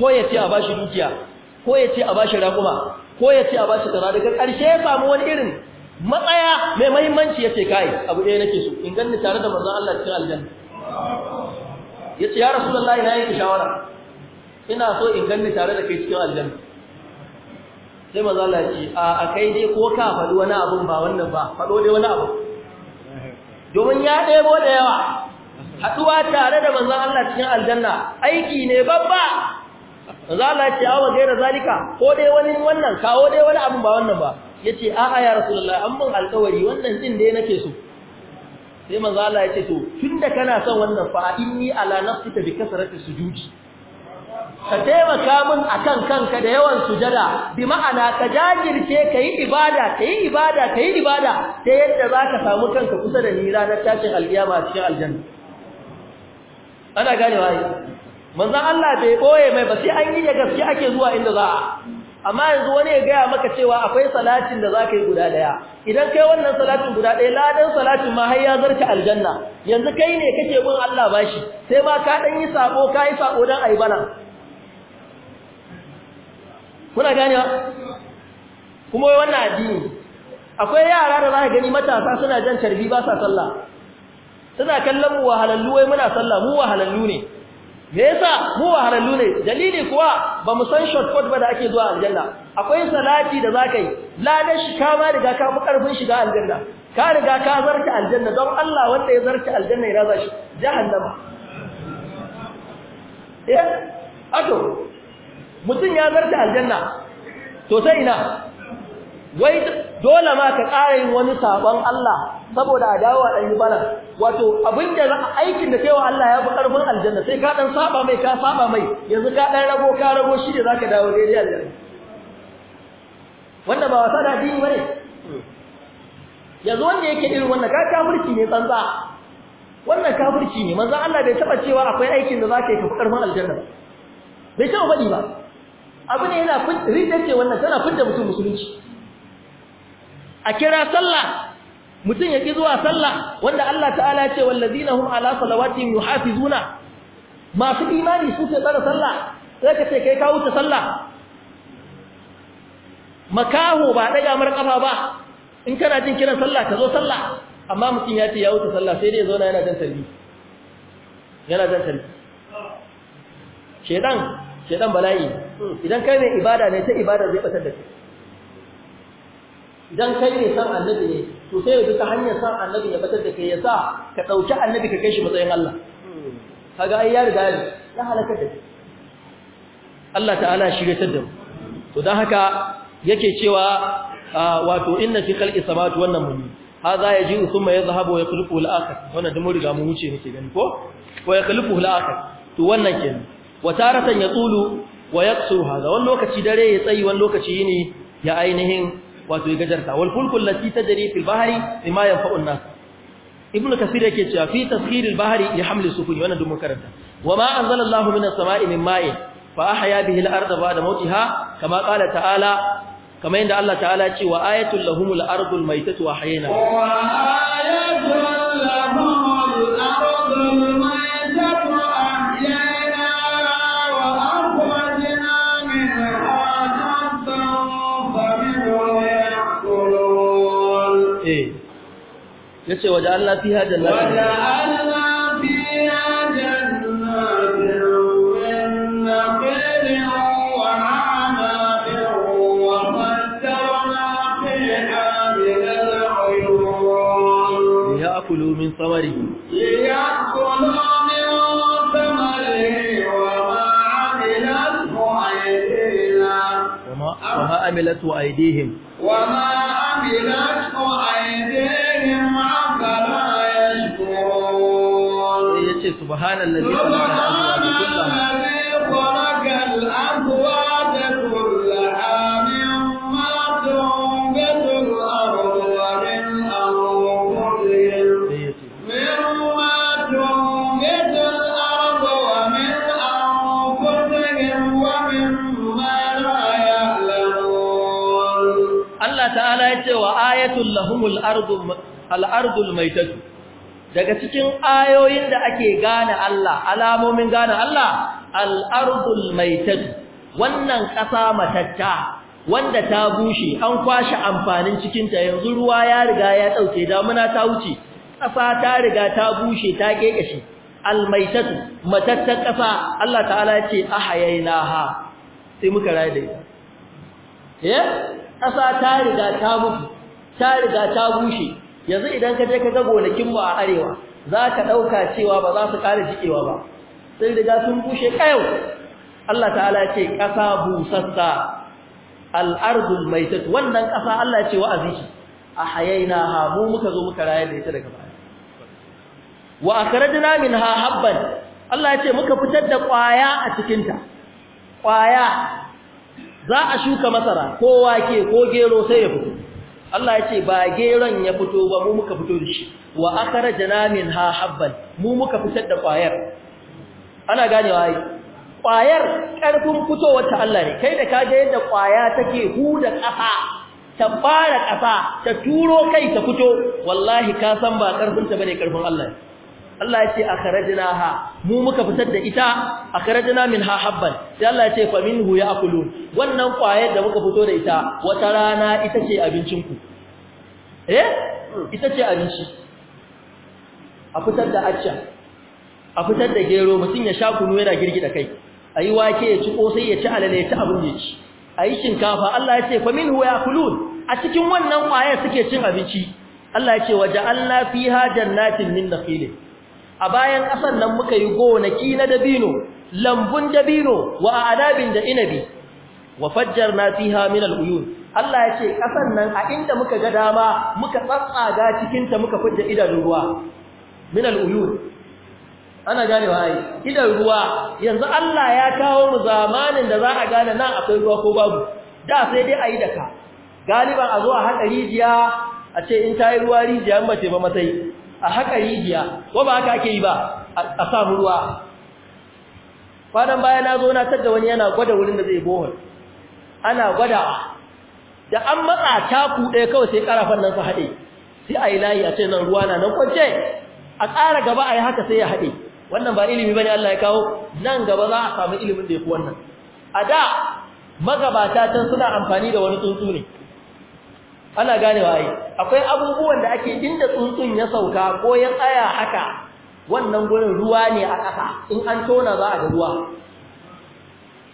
ko ya ce a bashi dukiya ko ya ce a bashi raƙuma ko ya ce a bashi tsara daga ƙarshe ya samu wani irin matsaya mai mahimmanci ya ce kai abu ɗaya nake so in ganni tare da manzo Allah cikin aljanna ya ce ya rasulullahi na yanke shawara ina so in ganni tare da kai cikin aljanna sai manzo Allah ya ce a kai dai ko ka faɗi wani abu ba wannan ba faɗo dai wani abu domin ya ɗebo da yawa haɗuwa tare da manzon Allah cikin aljanna aiki ne babba manzo Allah ya ce awa gaira zalika ko dai wani wannan kawo dai wani abu ba wannan ba yace a'a ya rasulullahi an mun alƙawari wannan din dai nake so sai manzo Allah ya ce to tunda kana son wannan fa inni ala ta bi kasrati sujudi ka taimaka min akan kanka da yawan sujada bi ma'ana ka jajirce kai ibada kai ibada kai ibada ta yadda zaka samu kanka kusa da ni ranar tashin alkiyama cikin aljanna ana gane wai manzon Allah bai boye mai ba sai an yi da gaske ake zuwa inda za a amma yanzu wani ya gaya maka cewa akwai salatin da zaka yi guda daya idan kai wannan salatin guda daya ladan salatin ma har ya zarta aljanna yanzu kai ne kake bin Allah bashi sai ma ka dan yi sako kai sako dan ayi bana kuna ba kuma wai wannan addini akwai yara da za ka gani matasa suna jan carbi ba sa sallah suna kallon mu wahalallu wai muna sallah mu wahalallu ne me yasa mu wahalallu ne dalili kuwa ba mu san shortcut ba da ake zuwa aljanna akwai salati da zaka yi da shi ka ma riga ka mu karfin shiga aljanna ka riga ka zarta aljanna don Allah wanda ya zarta aljanna ya raza shi jahannama eh ato mutum ya zarta aljanna to sai ina wai dole ma ka ƙara yin wani sabon Allah saboda a dawo a ɗan yi bala wato abin da za aikin da kaiwa Allah ya fi ƙarfin aljanna sai ka ɗan saba mai ka saba mai yanzu ka ɗan rago ka rago shi ne za ka dawo daidai aljanna wanda ba wasa da addini ba ne yanzu wanda yake irin wannan ka kafirci ne tsantsa wannan kafirci ne manzon Allah bai taɓa cewa akwai aikin da za ka yi ka fi ƙarfin aljanna bai taɓa faɗi ba abu ne yana ridda ce wannan tana fidda mutum musulunci a kira sallah mutum ya ki zuwa sallah wanda Allah ta'ala ya ce wallazina hum ala salawatihim yuhafizuna masu imani su ce tsara sallah sai ka ce kai ka wuce sallah makaho ba daga mar kafa ba in kana jin kiran sallah ka zo sallah amma mutum ya ce ya wuce sallah sai dai ya zo yana jan sallah yana jan sallah shedan shedan bala'i idan kai mai ibada ne sai ibada zai batar da kai idan kai ne san annabi ne to sai yanzu ta hanyar san annabi ya batar da kai ya sa ka ɗauki annabi ka kai shi matsayin Allah kaga ai ya riga ya halakar da kai Allah ta'ala shiryatar da mu to dan haka yake cewa wato inna fi khalqi samawati wannan muni hadha yaji thumma yadhhabu wa yakhluqu al la'akar. wannan dumu riga mu wuce muke gani ko wa yakhluqu al-akhar to wannan kenan wa taratan tsulu? wa yaqsuru hada wani lokaci dare ya tsayi wani lokaci yini ya ainihin wato ya gajarta wal fulku allati tajri fil bahri bima yanfa'u an-nas Ibn kasir yake cewa fi tafsir al-bahri li hamli sufuri wannan dun karanta wa ma anzala Allahu minas sama'i min ma'in fa ahya bihi al-ardha ba'da mawtiha kama qala ta'ala kamar Allah ta'ala ce wa ayatul lahumul ardul maitatu wa hayyana wa ayatul yace waje Allah fiha jannatin waje Allah fiha jannatin min nakhilin wa a'nabin wa qaddarna fiha min al-'uyun ya'kulu min thamarihi ya'kulu وما عملته أيديهم وما عملته أيديهم سبحان الذي خلق الأزواج كلها مما تنبت الأرض ومن أنفسهم مما تنبت الأرض ومن أنفسهم ومما لا يعلمون الله تعالى يقول وآية لهم الأرض الأرض الميتة daga cikin ayoyin da ake gane Allah alamomin gane Allah al-ardul maitat wannan ƙasa matacca wanda ta bushe an kwashi amfanin cikin ta yanzu ruwa ya riga ya dauke damuna ta wuce ƙasa ta riga ta bushe ta kekeshe al-maitat matattar ƙasa Allah ta'ala yace ahayainaha sai muka raye da ita eh ƙasa ta riga ta bushe ta riga ta bushe yanzu idan ka je ka ga gonakin mu a arewa za ka ɗauka cewa ba za su ƙara jikewa ba Sai riga sun bushe ƙayau Allah ta'ala ya ce ƙasa busassa al'ardul maitat wannan ƙasa Allah ya ce wa'azi shi a hayaina ha mu muka zo muka rayar da ita daga baya wa akhrajna minha habban Allah ya ce muka fitar da ƙwaya a cikin ta ƙwaya za a shuka masara ko wake ko gero sai ya fito Allah ya ce ba geron ya fito ba mu muka fito da shi wa janamin ha habban mu muka fitar da kwayar ana ganewa ai kwayar karfin fitowar ta Allah ne kai da ka ga yadda kwaya take huda kafa ta fara kafa ta turo kai ta fito wallahi ka san ba karfin ta bane karfin Allah ne Allah ya ce ha mu muka fitar da ita min ha habban sai Allah ya ce fa minhu ya'kulun wannan kwayar da muka fito da ita wata rana ita ce abincin ku eh ita ce abinci a fitar da acca a fitar da gero mutun ya sha kunu yana girgida kai ayi wake ya ci sai ya ci alale ya ci abun da ya ci ayi shinkafa Allah ya ce fa minhu ya'kulun a cikin wannan kwayar suke cin abinci Allah ya ce waja'alna fiha jannatin min nakhilin a bayan ƙasan nan muka yi gonaki na dabino lambun dabino wa adabin da inabi wa fajjar na fi al-uyun Allah ya ce ƙasan nan a inda muka ga dama muka tsatsaga ga cikinta muka fujja idan ruwa minal uyun ana wa yi idan ruwa yanzu Allah ya kawo mu zamanin da za a gane nan akwai ruwa ko babu da sai dai a ayi daka galiban a zo a haɗa rijiya a ce in ta yi ruwa rijiya ba ce ba matsayi a haka rijiya ko ba haka ake yi ba a sa ruwa kwanan baya na zo na tadda wani yana gwada wurin da zai bohol ana gwada da an matsa taku ɗaya kawai sai karafan nan su haɗe sai a yi layi a ce nan ruwa na nan kwance a ƙara gaba a yi haka sai ya haɗe wannan ba ilimi bane Allah ya kawo nan gaba za a samu ilimin da ya fi wannan a da magabata can suna amfani da wani tsuntsu ne ana ganewa ai akwai abubuwan da ake inda tsuntsun ya sauka ko ya tsaya haka wannan gurin ruwa ne a ƙasa in an tona za a ga ruwa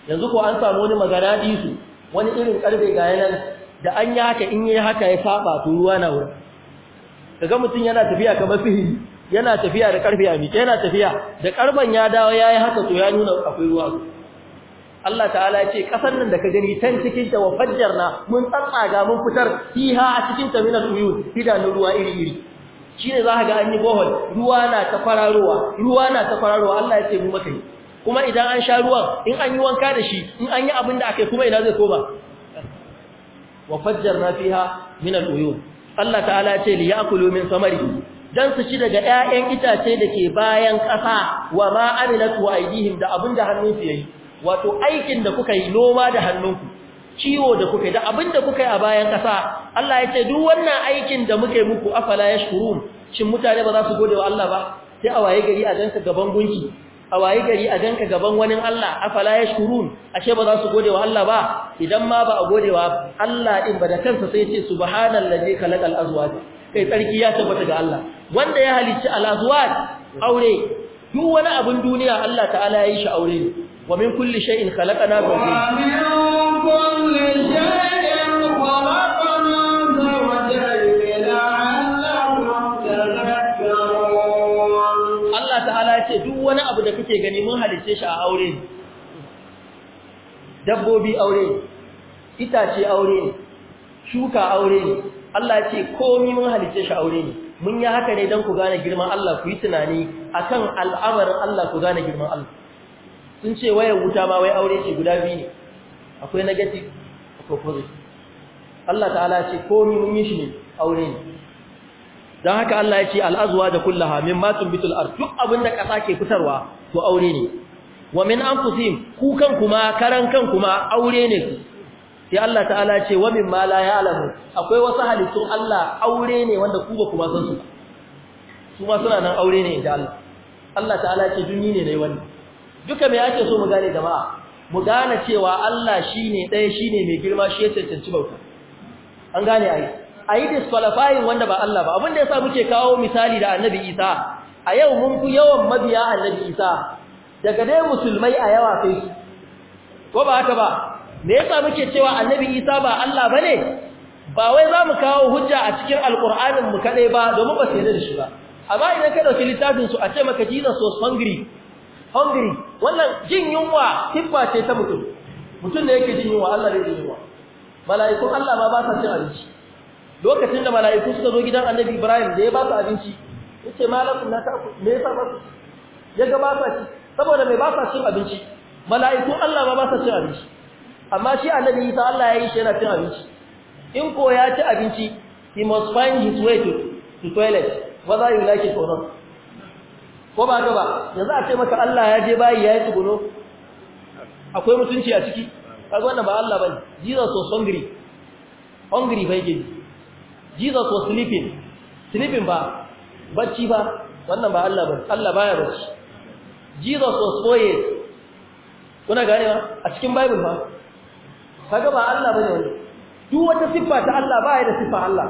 yanzu ko an samu wani magaradi su wani irin karfe ga yanan da an yi haka in yi haka ya saba to ruwa na wurin kaga mutum yana tafiya kamar sihiri yana tafiya da ƙarfe a miƙe yana tafiya da karban ya dawo yayi haka to ya nuna akwai ruwa Allah ta'ala ya ce kasar nan da ka gani tan cikin ta wa fajjarna mun tsatsaga mun fitar fiha a cikin ta minal uyun idanun ruwa iri iri shine za ka ga an yi bohol ruwa na ta kwararowa ruwa na ta kwararowa Allah ya ce mu maka yi kuma idan an sha ruwan in an yi wanka da shi in an yi abin da akai kuma ina zai koma wa fajjarna fiha minal uyun Allah ta'ala ya ce li ya'kulu min samari. dan su ci daga ƴaƴan itace da ke bayan ƙasa wa ma amilatu aydihim da abinda hannunsu yayi wato aikin da kuka yi noma da hannunku ciwo da kuka yi da abin da kuka yi a bayan ƙasa Allah ya ce duk wannan aikin da muke muku afala yashkurun shin mutane ba za su gode wa Allah ba sai a waye gari a danka gaban gunki a waye gari a danka gaban wani Allah afala yashkurun ashe ba za su gode wa Allah ba idan ma ba a gode wa Allah din ba da kansa sai ce subhanallazi khalaqal azwaj kai tsarki ya tabbata ga Allah wanda ya halicci al azwaj aure duk wani abin duniya Allah ta'ala ya yi shi aure ne ومن min شيء خلقنا زوجين Allah ta'ala ya ce duk wani abu da kake gani mun halice shi a aure dabbobi aure itace aure shuka aure Allah ce komi mun halice shi aure ne mun yi haka ne don ku gane girman Allah ku yi tunani akan al'amarin Allah ku gane girman Allah sun ce wayar wuta ma wai aure ce guda biyu ne akwai negative akwai positive Allah ta'ala ya ce komai mun yi shi ne aure ne dan haka Allah ya ce al'azwa da kullaha mimma tumbitul ard duk abinda ƙasa ke fitarwa to aure ne wa min an ku kan kuma karan kan kuma aure ne su sai Allah ta'ala ya ce wa mimma la ya'lamu akwai wasu halittun Allah aure ne wanda ku ba kuma san su su ma suna nan aure ne da Allah Allah ta'ala ya ce duniya ne dai wannan duka me ake so mu gane jama'a mu gane cewa Allah shine ɗaya shine mai girma shi ya cancanci bauta an gane ai ayi disqualifying wanda ba Allah ba abinda yasa muke kawo misali da Annabi Isa a yau mun fi yawan mabiya Annabi Isa daga dai musulmai a yawa kai ko ba haka ba me yasa muke cewa Annabi Isa ba Allah bane ba wai za mu kawo hujja a cikin alkur'anin mu kadai ba domin ba sai da shi ba amma idan ka dauki littafin su a ce maka Jesus was hungry hungry wannan jin yunwa hibba ce ta mutum mutum da yake jin yunwa Allah zai jin yunwa mala'iku Allah ma ba sa cin abinci lokacin da mala'iku suka zo gidan Annabi Ibrahim da ya ba su abinci yace malakun na ta me yasa ba su yaga ba sa ci saboda me ba sa cin abinci mala'iku Allah ma ba sa cin abinci amma shi Annabi Isa Allah ya yi shi yana cin abinci in ko ya ci abinci he must find his way to, to toilet whether you like it or not ko ba ka ba yanzu a ce maka Allah ya je bayi ya yi tsuguno akwai mutunci a ciki kaga wannan ba Allah bane Jesus was hungry hungry bai ke Jesus was sleeping sleeping ba bacci ba wannan ba Allah bane Allah baya bacci Jesus was poet kuna gane ba a cikin bible ba kaga ba Allah bane wannan duk wata siffa ta Allah ba ya da siffa Allah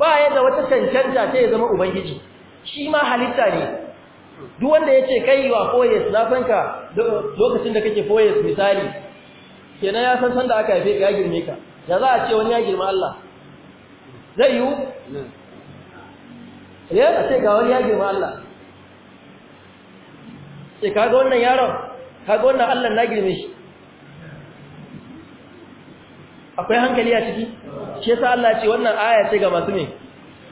ba ya da wata cancanta ta ya zama ubangiji shi ma halitta ne duk wanda ya ce kai wa foyes na san ka lokacin da kake foyes misali kenan ya san san da aka haife ka ya girme ka da za a ce wani ya girma Allah zai yiwu ya eh, a ce ga wani ya girma Allah ce eh, ga wannan yaron Ka ga wannan Allah na girme shi akwai hankali a ciki shi yasa Allah ce wannan aya ce ga masu ne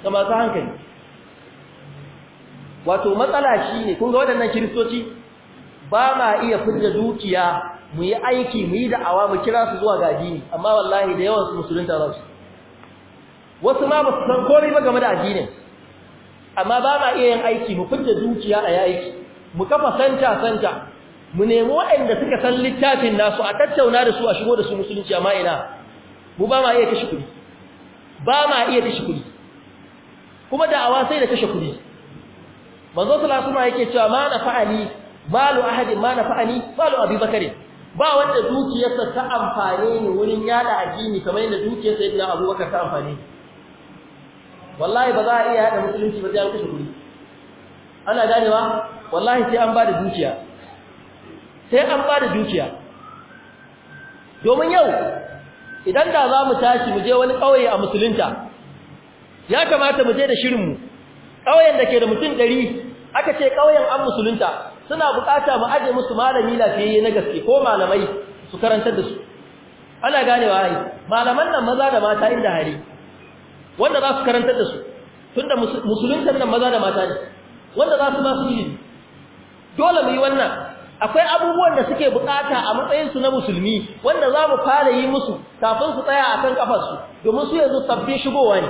ga masu hankali wato matsala shi ne. kun ga waɗannan kiristoci ba ma iya fidda dukiya mu yi aiki mu yi da'awa mu kira su zuwa ga addini amma wallahi da yawan su musulunta za su wasu ma ba su san komai ba game da addinin amma ba ma iya yin aiki mu fidda dukiya a aiki mu kafa santa santa mu nemi waɗanda suka san littafin nasu a tattauna da su a shigo da su musulunci amma ina mu ba ma iya kashe kuɗi ba ma iya kashe kuɗi kuma da'awa sai da kashe kuɗi manzo sallallahu alaihi yake cewa ma na fa'ani malu ahadin ma na fa'ani malu abubakar ba wanda dukiyarsa ta amfane ni wurin yada addini kamar yadda dukiyar sayyidina abubakar ta amfane ni wallahi ba za a iya hada musulunci ba sai an kashe guri ana ganewa wallahi sai an ba da dukiya sai an ba da dukiya domin yau idan da za mu tashi mu je wani ƙauye a musulunta ya kamata mu je da shirinmu ƙauyen da ke da mutum ɗari aka ce ƙauyen an musulunta suna bukata mu aje musu malami lafiyayye na gaske ko malamai su karantar da su ana ganewa ai malaman nan maza da mata inda hari wanda za su karantar da su tunda musuluntar nan maza da mata ne wanda za su ba su yi dole mu yi wannan akwai abubuwan da suke bukata a matsayin su na musulmi wanda za mu fara yi musu kafin su tsaya akan kafarsu domin su yanzu sabbin shigowa ne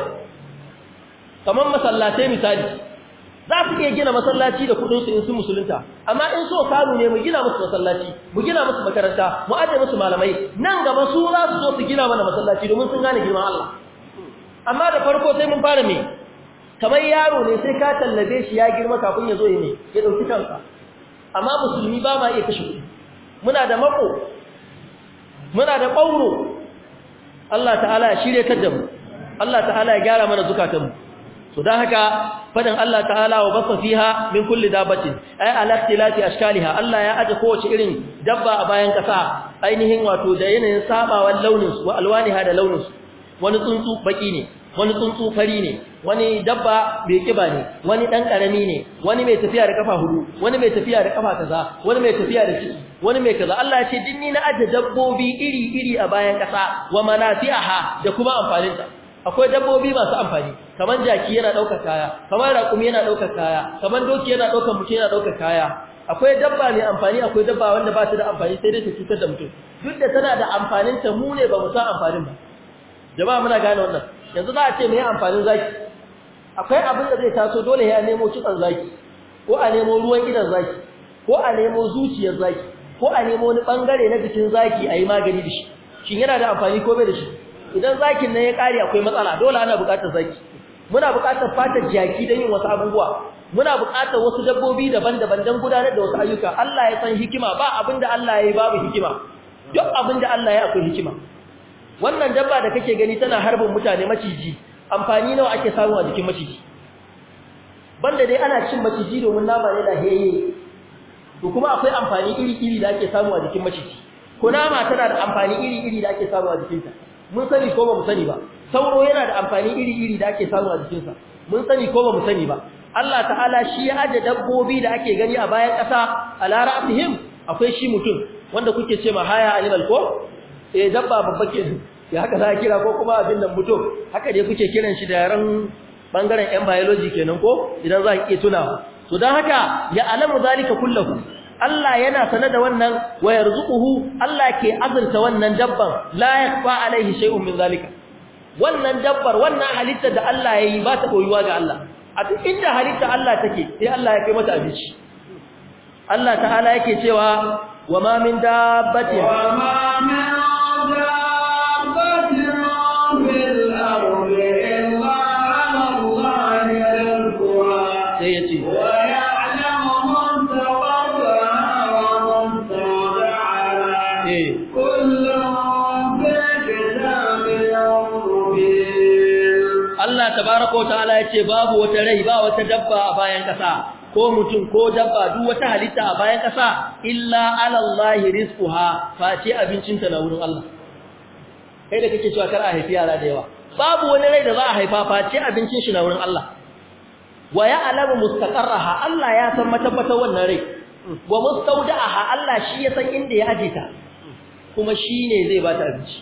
kamar masallatai misali za su iya gina masallaci da kudin su in sun musulunta amma in so kanu ne mu gina musu masallaci mu gina musu makaranta mu ajiye musu malamai nan gaba su za su zo su gina mana masallaci domin sun gane girman Allah amma da farko sai mun fara me kamar yaro ne sai ka tallabe shi ya girma kafin ya zo ya ne ya dauki kanka amma musulmi ba ma iya kashe kuɗi muna da mako muna da ƙauro Allah ta'ala ya shirye kadda mu Allah ta'ala ya gyara mana zukatanmu To dan haka fadin Allah ta'ala wa basa fiha min kulli dabatin ay ala ikhtilati ashkaliha Allah ya aje kowace irin dabba a bayan kasa ainihin wato da yanayin sabawan launin wa alwaniha da launin wani tsuntsu baki ne wani tsuntsu fari ne wani dabba mai kiba ne wani dan karami ne wani mai tafiya da kafa hudu wani mai tafiya da kafa kaza wani mai tafiya da ciki wani mai kaza Allah ya ce dinni na aje dabbobi iri iri a bayan kasa wa manasi'aha da kuma amfaninta akwai dabbobi masu amfani kaman jaki yana daukar kaya kaman raƙumi yana daukar kaya kaman doki yana daukar mutum yana daukar kaya akwai dabba mai amfani akwai dabba wanda ba ta da amfani sai dai ta cutar da mutum duk da tana da amfanin ta mu ne ba mu san amfanin ba jama'a muna gane wannan yanzu za a ce me amfanin zaki akwai abin da zai taso dole ya nemo cikan zaki ko a nemo ruwan gidan zaki ko a nemo zuciyar zaki ko a nemo wani bangare na jikin zaki a yi magani da shi shin yana da amfani ko bai da shi idan zakin nan ya kare akwai matsala dole ana buƙatar zaki muna buƙatar fatar jaki don yin wasu abubuwa muna buƙatar wasu dabbobi daban-daban don gudanar da wasu ayyuka Allah ya san hikima ba abin da Allah ya yi babu hikima duk abin da Allah ya akwai hikima wannan dabba da kake gani tana harbin mutane maciji amfani nawa ake samu a jikin maciji banda dai ana cin maciji domin nama ne da heye to kuma akwai amfani iri-iri da ake samu a jikin maciji kunama tana da amfani iri-iri da ake samu a jikinta mun sani ko ba mu sani ba sauro yana da amfani iri-iri da ake samu a jikinsa mun sani ko ba mu sani ba Allah ta'ala shi ya aje dabbobi da ake gani a bayan ƙasa a lara'afihim akwai shi mutum wanda kuke ce ma haya animal ko eh dabba babba ke ya haka za a kira ko kuma abin nan mutum haka dai kuke kiran shi da yaran bangaren yan biology kenan ko idan za a iya tuna to don haka ya alamu zalika kullahu Allah yana sanar da wannan wa yarzuquhu Allah ke azurta wannan dabban la yakfa alaihi shay'un min zalika wannan dabbar wannan halitta da Allah ya yi ba ta koyuwa ga Allah a duk inda halitta Allah take sai Allah ya kai mata abinci Allah ta'ala yake cewa wa ma min dabbatin wa ma min ta'ala ya ce babu wata rai ba wata dabba a bayan kasa ko mutum ko dabba duk wata halitta a bayan kasa illa ala Allah rizquha face abincinta na wurin Allah kai da kake cewa kar a haifi yara da yawa babu wani rai da za a haifa face abincin shi na wurin Allah wa ya'lamu mustaqarraha Allah ya san matabbatar wannan rai wa mustawda'aha Allah shi ya san inda ya aje ta kuma shine zai ba ta abinci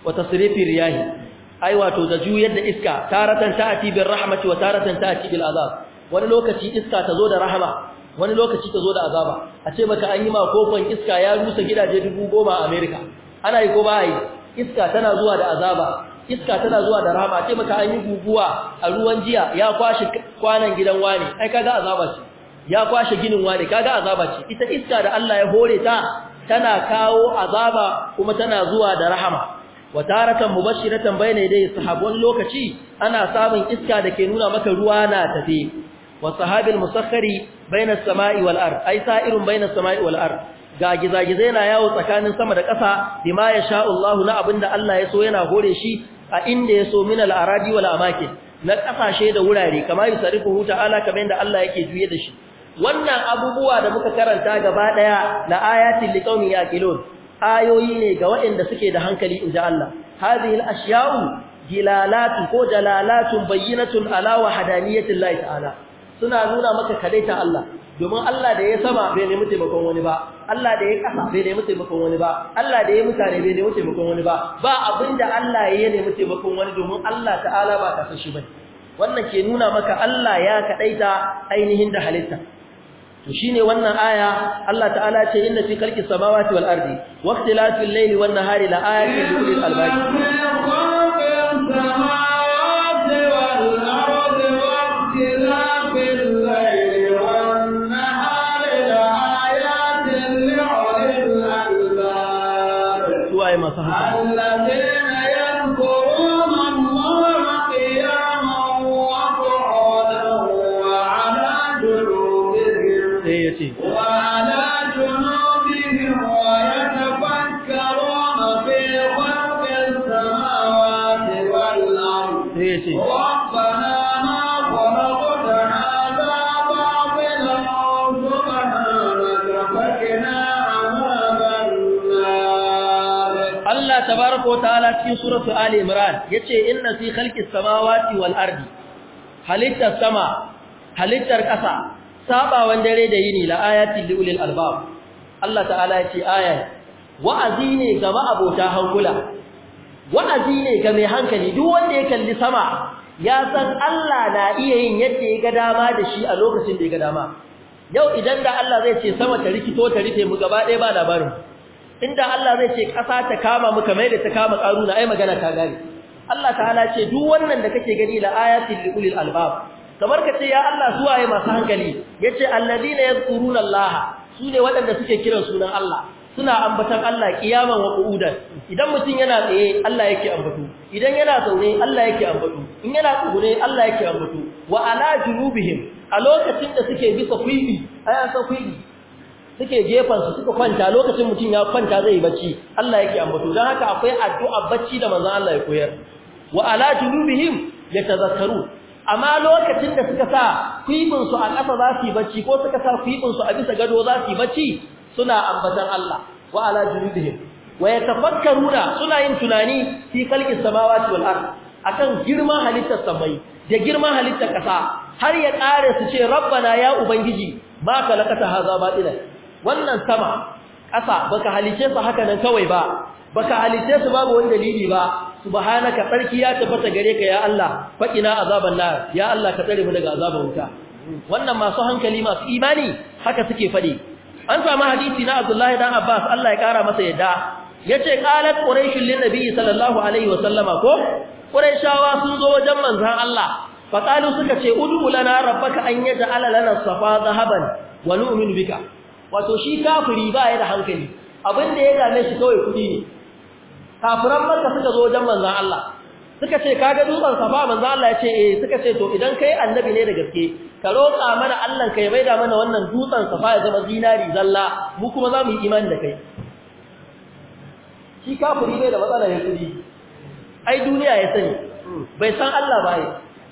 wa tasrifi riyahi ai wato da juyar da iska taratan ta'ati bil rahmati wa taratan ta'ati bil azab wani lokaci iska ta zo da rahama wani lokaci ta zo da azaba a ce maka an yi ma kofan iska ya rusa gidaje dubu goma a America ana yi ko ba yi iska tana zuwa da azaba iska tana zuwa da rahama ce maka an yi guguwa a ruwan jiya ya kwashi kwanan gidan wani ai kaga azaba ce ya kwashi ginin wani kaga azaba ce ita iska da Allah ya hore ta tana kawo azaba kuma tana zuwa da rahama wa taratan mubashiratan bayna yaday sahabon lokaci ana samun iska da ke nuna maka ruwa na tafe wa sahabil musakhkhari bayna as-sama'i wal ard ay sa'irun bayna as-sama'i wal ard ga gizagize na yawo tsakanin sama da ƙasa bima sha Allahu na abinda Allah ya so yana hore shi a inda ya so min al-aradi wal amakin na kasashe da wurare kama yusarifuhu ta'ala kamar yadda Allah yake juye da shi wannan abubuwa da muka karanta gaba daya la ayatin liqaumin yaqilun ayoyi ne ga waɗanda suke da hankali in ji Allah hadhihi al-ashya'u dilalatu ko dalalatun bayyinatun ala wahdaniyatil lahi ta'ala suna nuna maka kadaita Allah domin Allah da ya sama bai nemi taimakon wani ba Allah da ya kasa bai nemi taimakon wani ba Allah da ya mutane bai nemi taimakon wani ba ba abinda Allah ya nemi taimakon wani domin Allah ta'ala ba ta sashi bane wannan ke nuna maka Allah ya kadaita ainihin da halitta to shine wannan aya Allah ta'ala ce inna fi khalqis samawati wal ardi wa ikhtilafil layli wan nahari la ayatin li ulil cikin suratu Ali Imran yace inna fi khalqis samawati wal ardi halittar sama halittar ƙasa sabawan dare da yini la ayatin liulil albab Allah ta'ala yace aya wa'azi ne ga ma'abota hankula wa'azi ne ga mai hankali duk wanda ya kalli sama ya san Allah na iya yin yadda ya ga dama da shi a lokacin da ya ga dama yau idan da Allah zai ce sama ta rikito ta rufe mu gaba ɗaya ba labarin inda Allah zai ce ƙasa ta kama mu kamar da ta kama ƙaruna ai magana ta gare. Allah ta'ala ce duk wannan da kake gani la ayatin li ulil albab kamar ka ce ya Allah suwaye masu hankali yace alladina yadhkuruna Allah sune waɗanda suke kiran sunan Allah suna ambatan Allah kiyaman wa qu'udan idan mutum yana tsaye Allah yake ambato idan yana zaune Allah yake ambato in yana tsugune Allah yake ambato wa ala junubihim a lokacin da suke bisa kuibi ai an san suke gefan su suka kwanta lokacin mutum ya kwanta zai yi bacci Allah yake ambato dan haka akwai addu'a bacci da manzon Allah ya koyar wa ala junubihim yatazakkaru amma lokacin da suka sa kuibin su a ƙasa za su yi bacci ko suka sa kuibin su a bisa gado za su yi bacci suna ambatan Allah wa ala junubihim wa yatafakkaruna suna yin tunani fi khalqis samawati wal ardh akan girman halittar samai da girman halittar ƙasa har ya ƙare su ce rabbana ya ubangiji ka lakata haza batila wannan sama ƙasa baka halice su haka nan kawai ba baka halice su babu wani dalili ba subhanaka tsarki ya tabbata gare ka ya Allah faqina azaban nar ya Allah ka tsare mu daga azaban wuta wannan masu hankali masu imani haka suke fadi an samu hadisi na Abdullahi dan Abbas Allah ya kara masa yadda yace qalat quraish lin nabi sallallahu alaihi wasallama ko quraishawa sun zo wajen manzon Allah faqalu suka ce udu lana rabbaka an da lana safa zahaban wa nu'minu bika wato shi kafiri ba ya da hankali abin da ya dame shi kawai kudi ne kafiran maka suka zo wajen manzan Allah suka ce kaga dutsen safa manzan Allah ya ce eh suka ce to idan kai annabi ne da gaske ka roƙa mana Allah ka maida mana wannan dutsen safa ya zama zinari zalla mu kuma za mu yi imani da kai shi kafiri ne da matsalar kudi ai duniya ya sani bai san Allah ba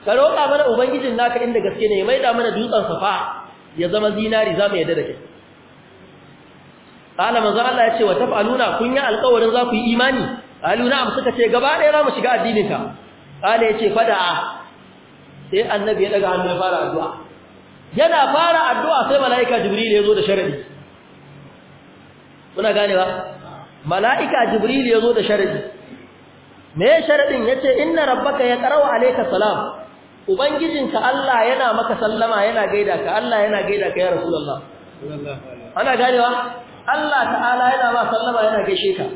ka roƙa mana ubangijin naka inda gaske ne ya maida mana dutsen safa ya zama zinari za mu yadda da kai qala manzo Allah ya ce wa taf'aluna kun yi alƙawarin za ku yi imani Aluna na'am suka ce gaba ɗaya za mu shiga addininka. ka ya ce fada sai annabi ya daga hannu ya fara addu'a yana fara addu'a sai malaika jibril ya zo da sharadi kuna ganewa malaika jibril ya zo da sharadi me sharadin yace inna rabbaka wa alayka salam ubangijinka Allah yana maka sallama yana gaida ka Allah yana gaida ka ya rasulullah ana ganewa Allah ta'ala yana ba sallama yana gaishe ka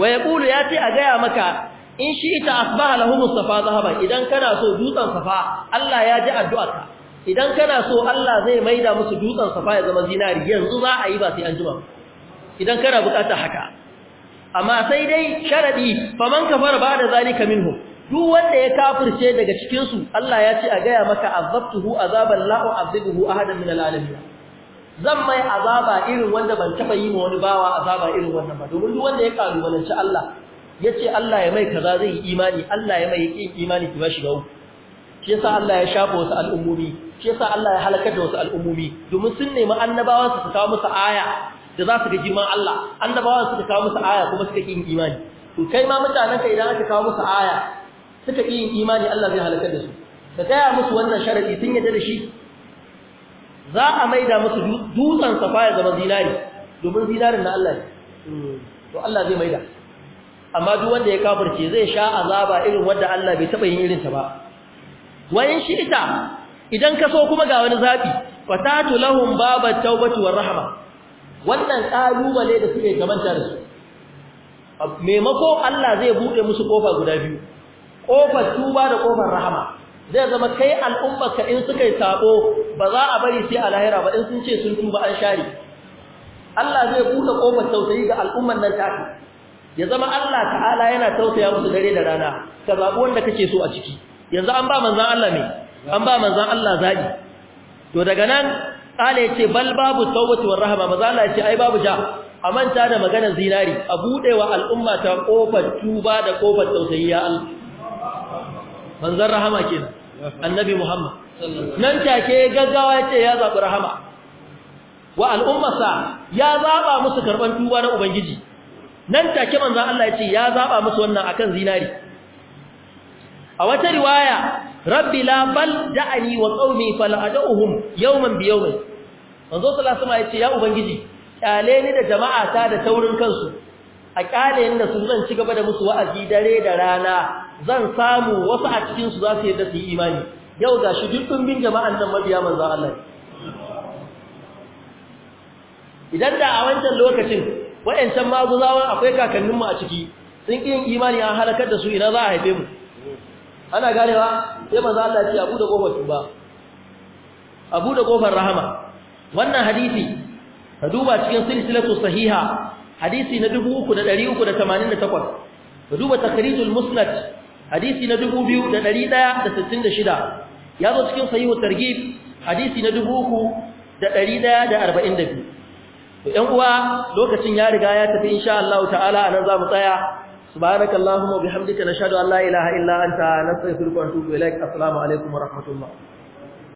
wa yaqulu ya ce a gaya maka in shi ita asbaha lahu mustafa zahaba idan kana so dutsen safa Allah ya ji addu'arka idan kana so Allah zai maida musu dutsen safa ya zama zinari yanzu za a yi ba sai an jima idan kana bukata haka amma sai dai sharadi faman kafara ba da zalika minhu duk wanda ya kafirce daga cikin su Allah ya ce a gaya maka azabtuhu azaban la u'azibuhu ahadan min alalamin zan mai azaba irin wanda ban taba yi ma wani bawa azaba irin wannan ba domin duk wanda ya ci Allah yace Allah ya mai kaza zai yi imani Allah ya mai yakin imani ki ba shi gawo shi yasa Allah ya shafa wasu al'ummomi shi yasa Allah ya halakar da wasu al'ummomi domin sun nemi annabawan su kawo musu aya da za su ga girman Allah annabawan su kawo musu aya kuma suka yin imani to kai ma mutanen ka idan aka kawo musu aya suka yin imani Allah zai halakar da su ka gaya musu wannan sharadi sun yarda da shi za a maida musu dutsen safa ya zama zinari domin zinarin na Allah ne to Allah zai maida amma duk wanda ya kafirce zai sha azaba irin wanda Allah bai taba yin irin ta ba wayin ita idan ka so kuma ga wani zabi fatatu lahum babat tawbati war rahma wannan kalubale da suke gamanta da su maimako Allah zai bude musu kofa guda biyu kofar tuba da kofar rahama zai zama kai al'ummarka in suka yi sabo ba za a bari sai a lahira ba in sun ce sun tuba an share Allah zai buɗe kofar tausayi ga al'umman nan tafi ya zama Allah ta'ala yana tausaya musu dare da rana ka zaɓi wanda kake so a ciki yanzu an ba manzan Allah ne an ba manzan Allah zaɓi to daga nan ƙala ya ce bal babu tawbatu war rahama maza Allah ya ce ai babu ja a manta da maganar zinari a buɗewa al'umma ta kofar tuba da kofar tausayi ya Allah manzan rahama kenan annabi Muhammad nan take gaggawa ya ce ya zaɓi rahama wa al'ummarsa ya zaɓa musu karɓar tuba na ubangiji nan take manzan Allah ya ce ya zaɓa musu wannan akan zinari a wata riwaya rabbi la bal da'ani wa qaumi fal ad'uhum yawman bi yawmin manzo sallallahu alaihi wasallam ya ce ya ubangiji kyale ni da jama'a ta da taurin kansu a kyale ni da su zan ci gaba da musu wa'azi dare da rana zan samu wasu a cikinsu su za su yarda su yi imani yau ga shi duk ɗumbin jama'an nan mabiya manzo Allah idan da a wancan lokacin wayancan maguzawan akwai kakanninmu a ciki sun ƙin imani an halakar da su ina za a haife mu ana ganewa sai manzo Allah ce abu da kofar tuba abu da kofar rahama wannan hadisi ka duba cikin silsilatu sahiha hadisi na 3388 ka duba takrijul musnad hadisi na 2166 ya zo cikin sahihu targhib hadisi na dubu uku da da ɗari ɗaya biyu. to ɗan uwa lokacin ya riga ya tafi insha Allah ta'ala nan za mu tsaya Su subhanakallahumma bihamdika nashhadu an la ilaha illa anta nastaghfiruka wa natubu ilaik assalamu alaikum wa rahmatullah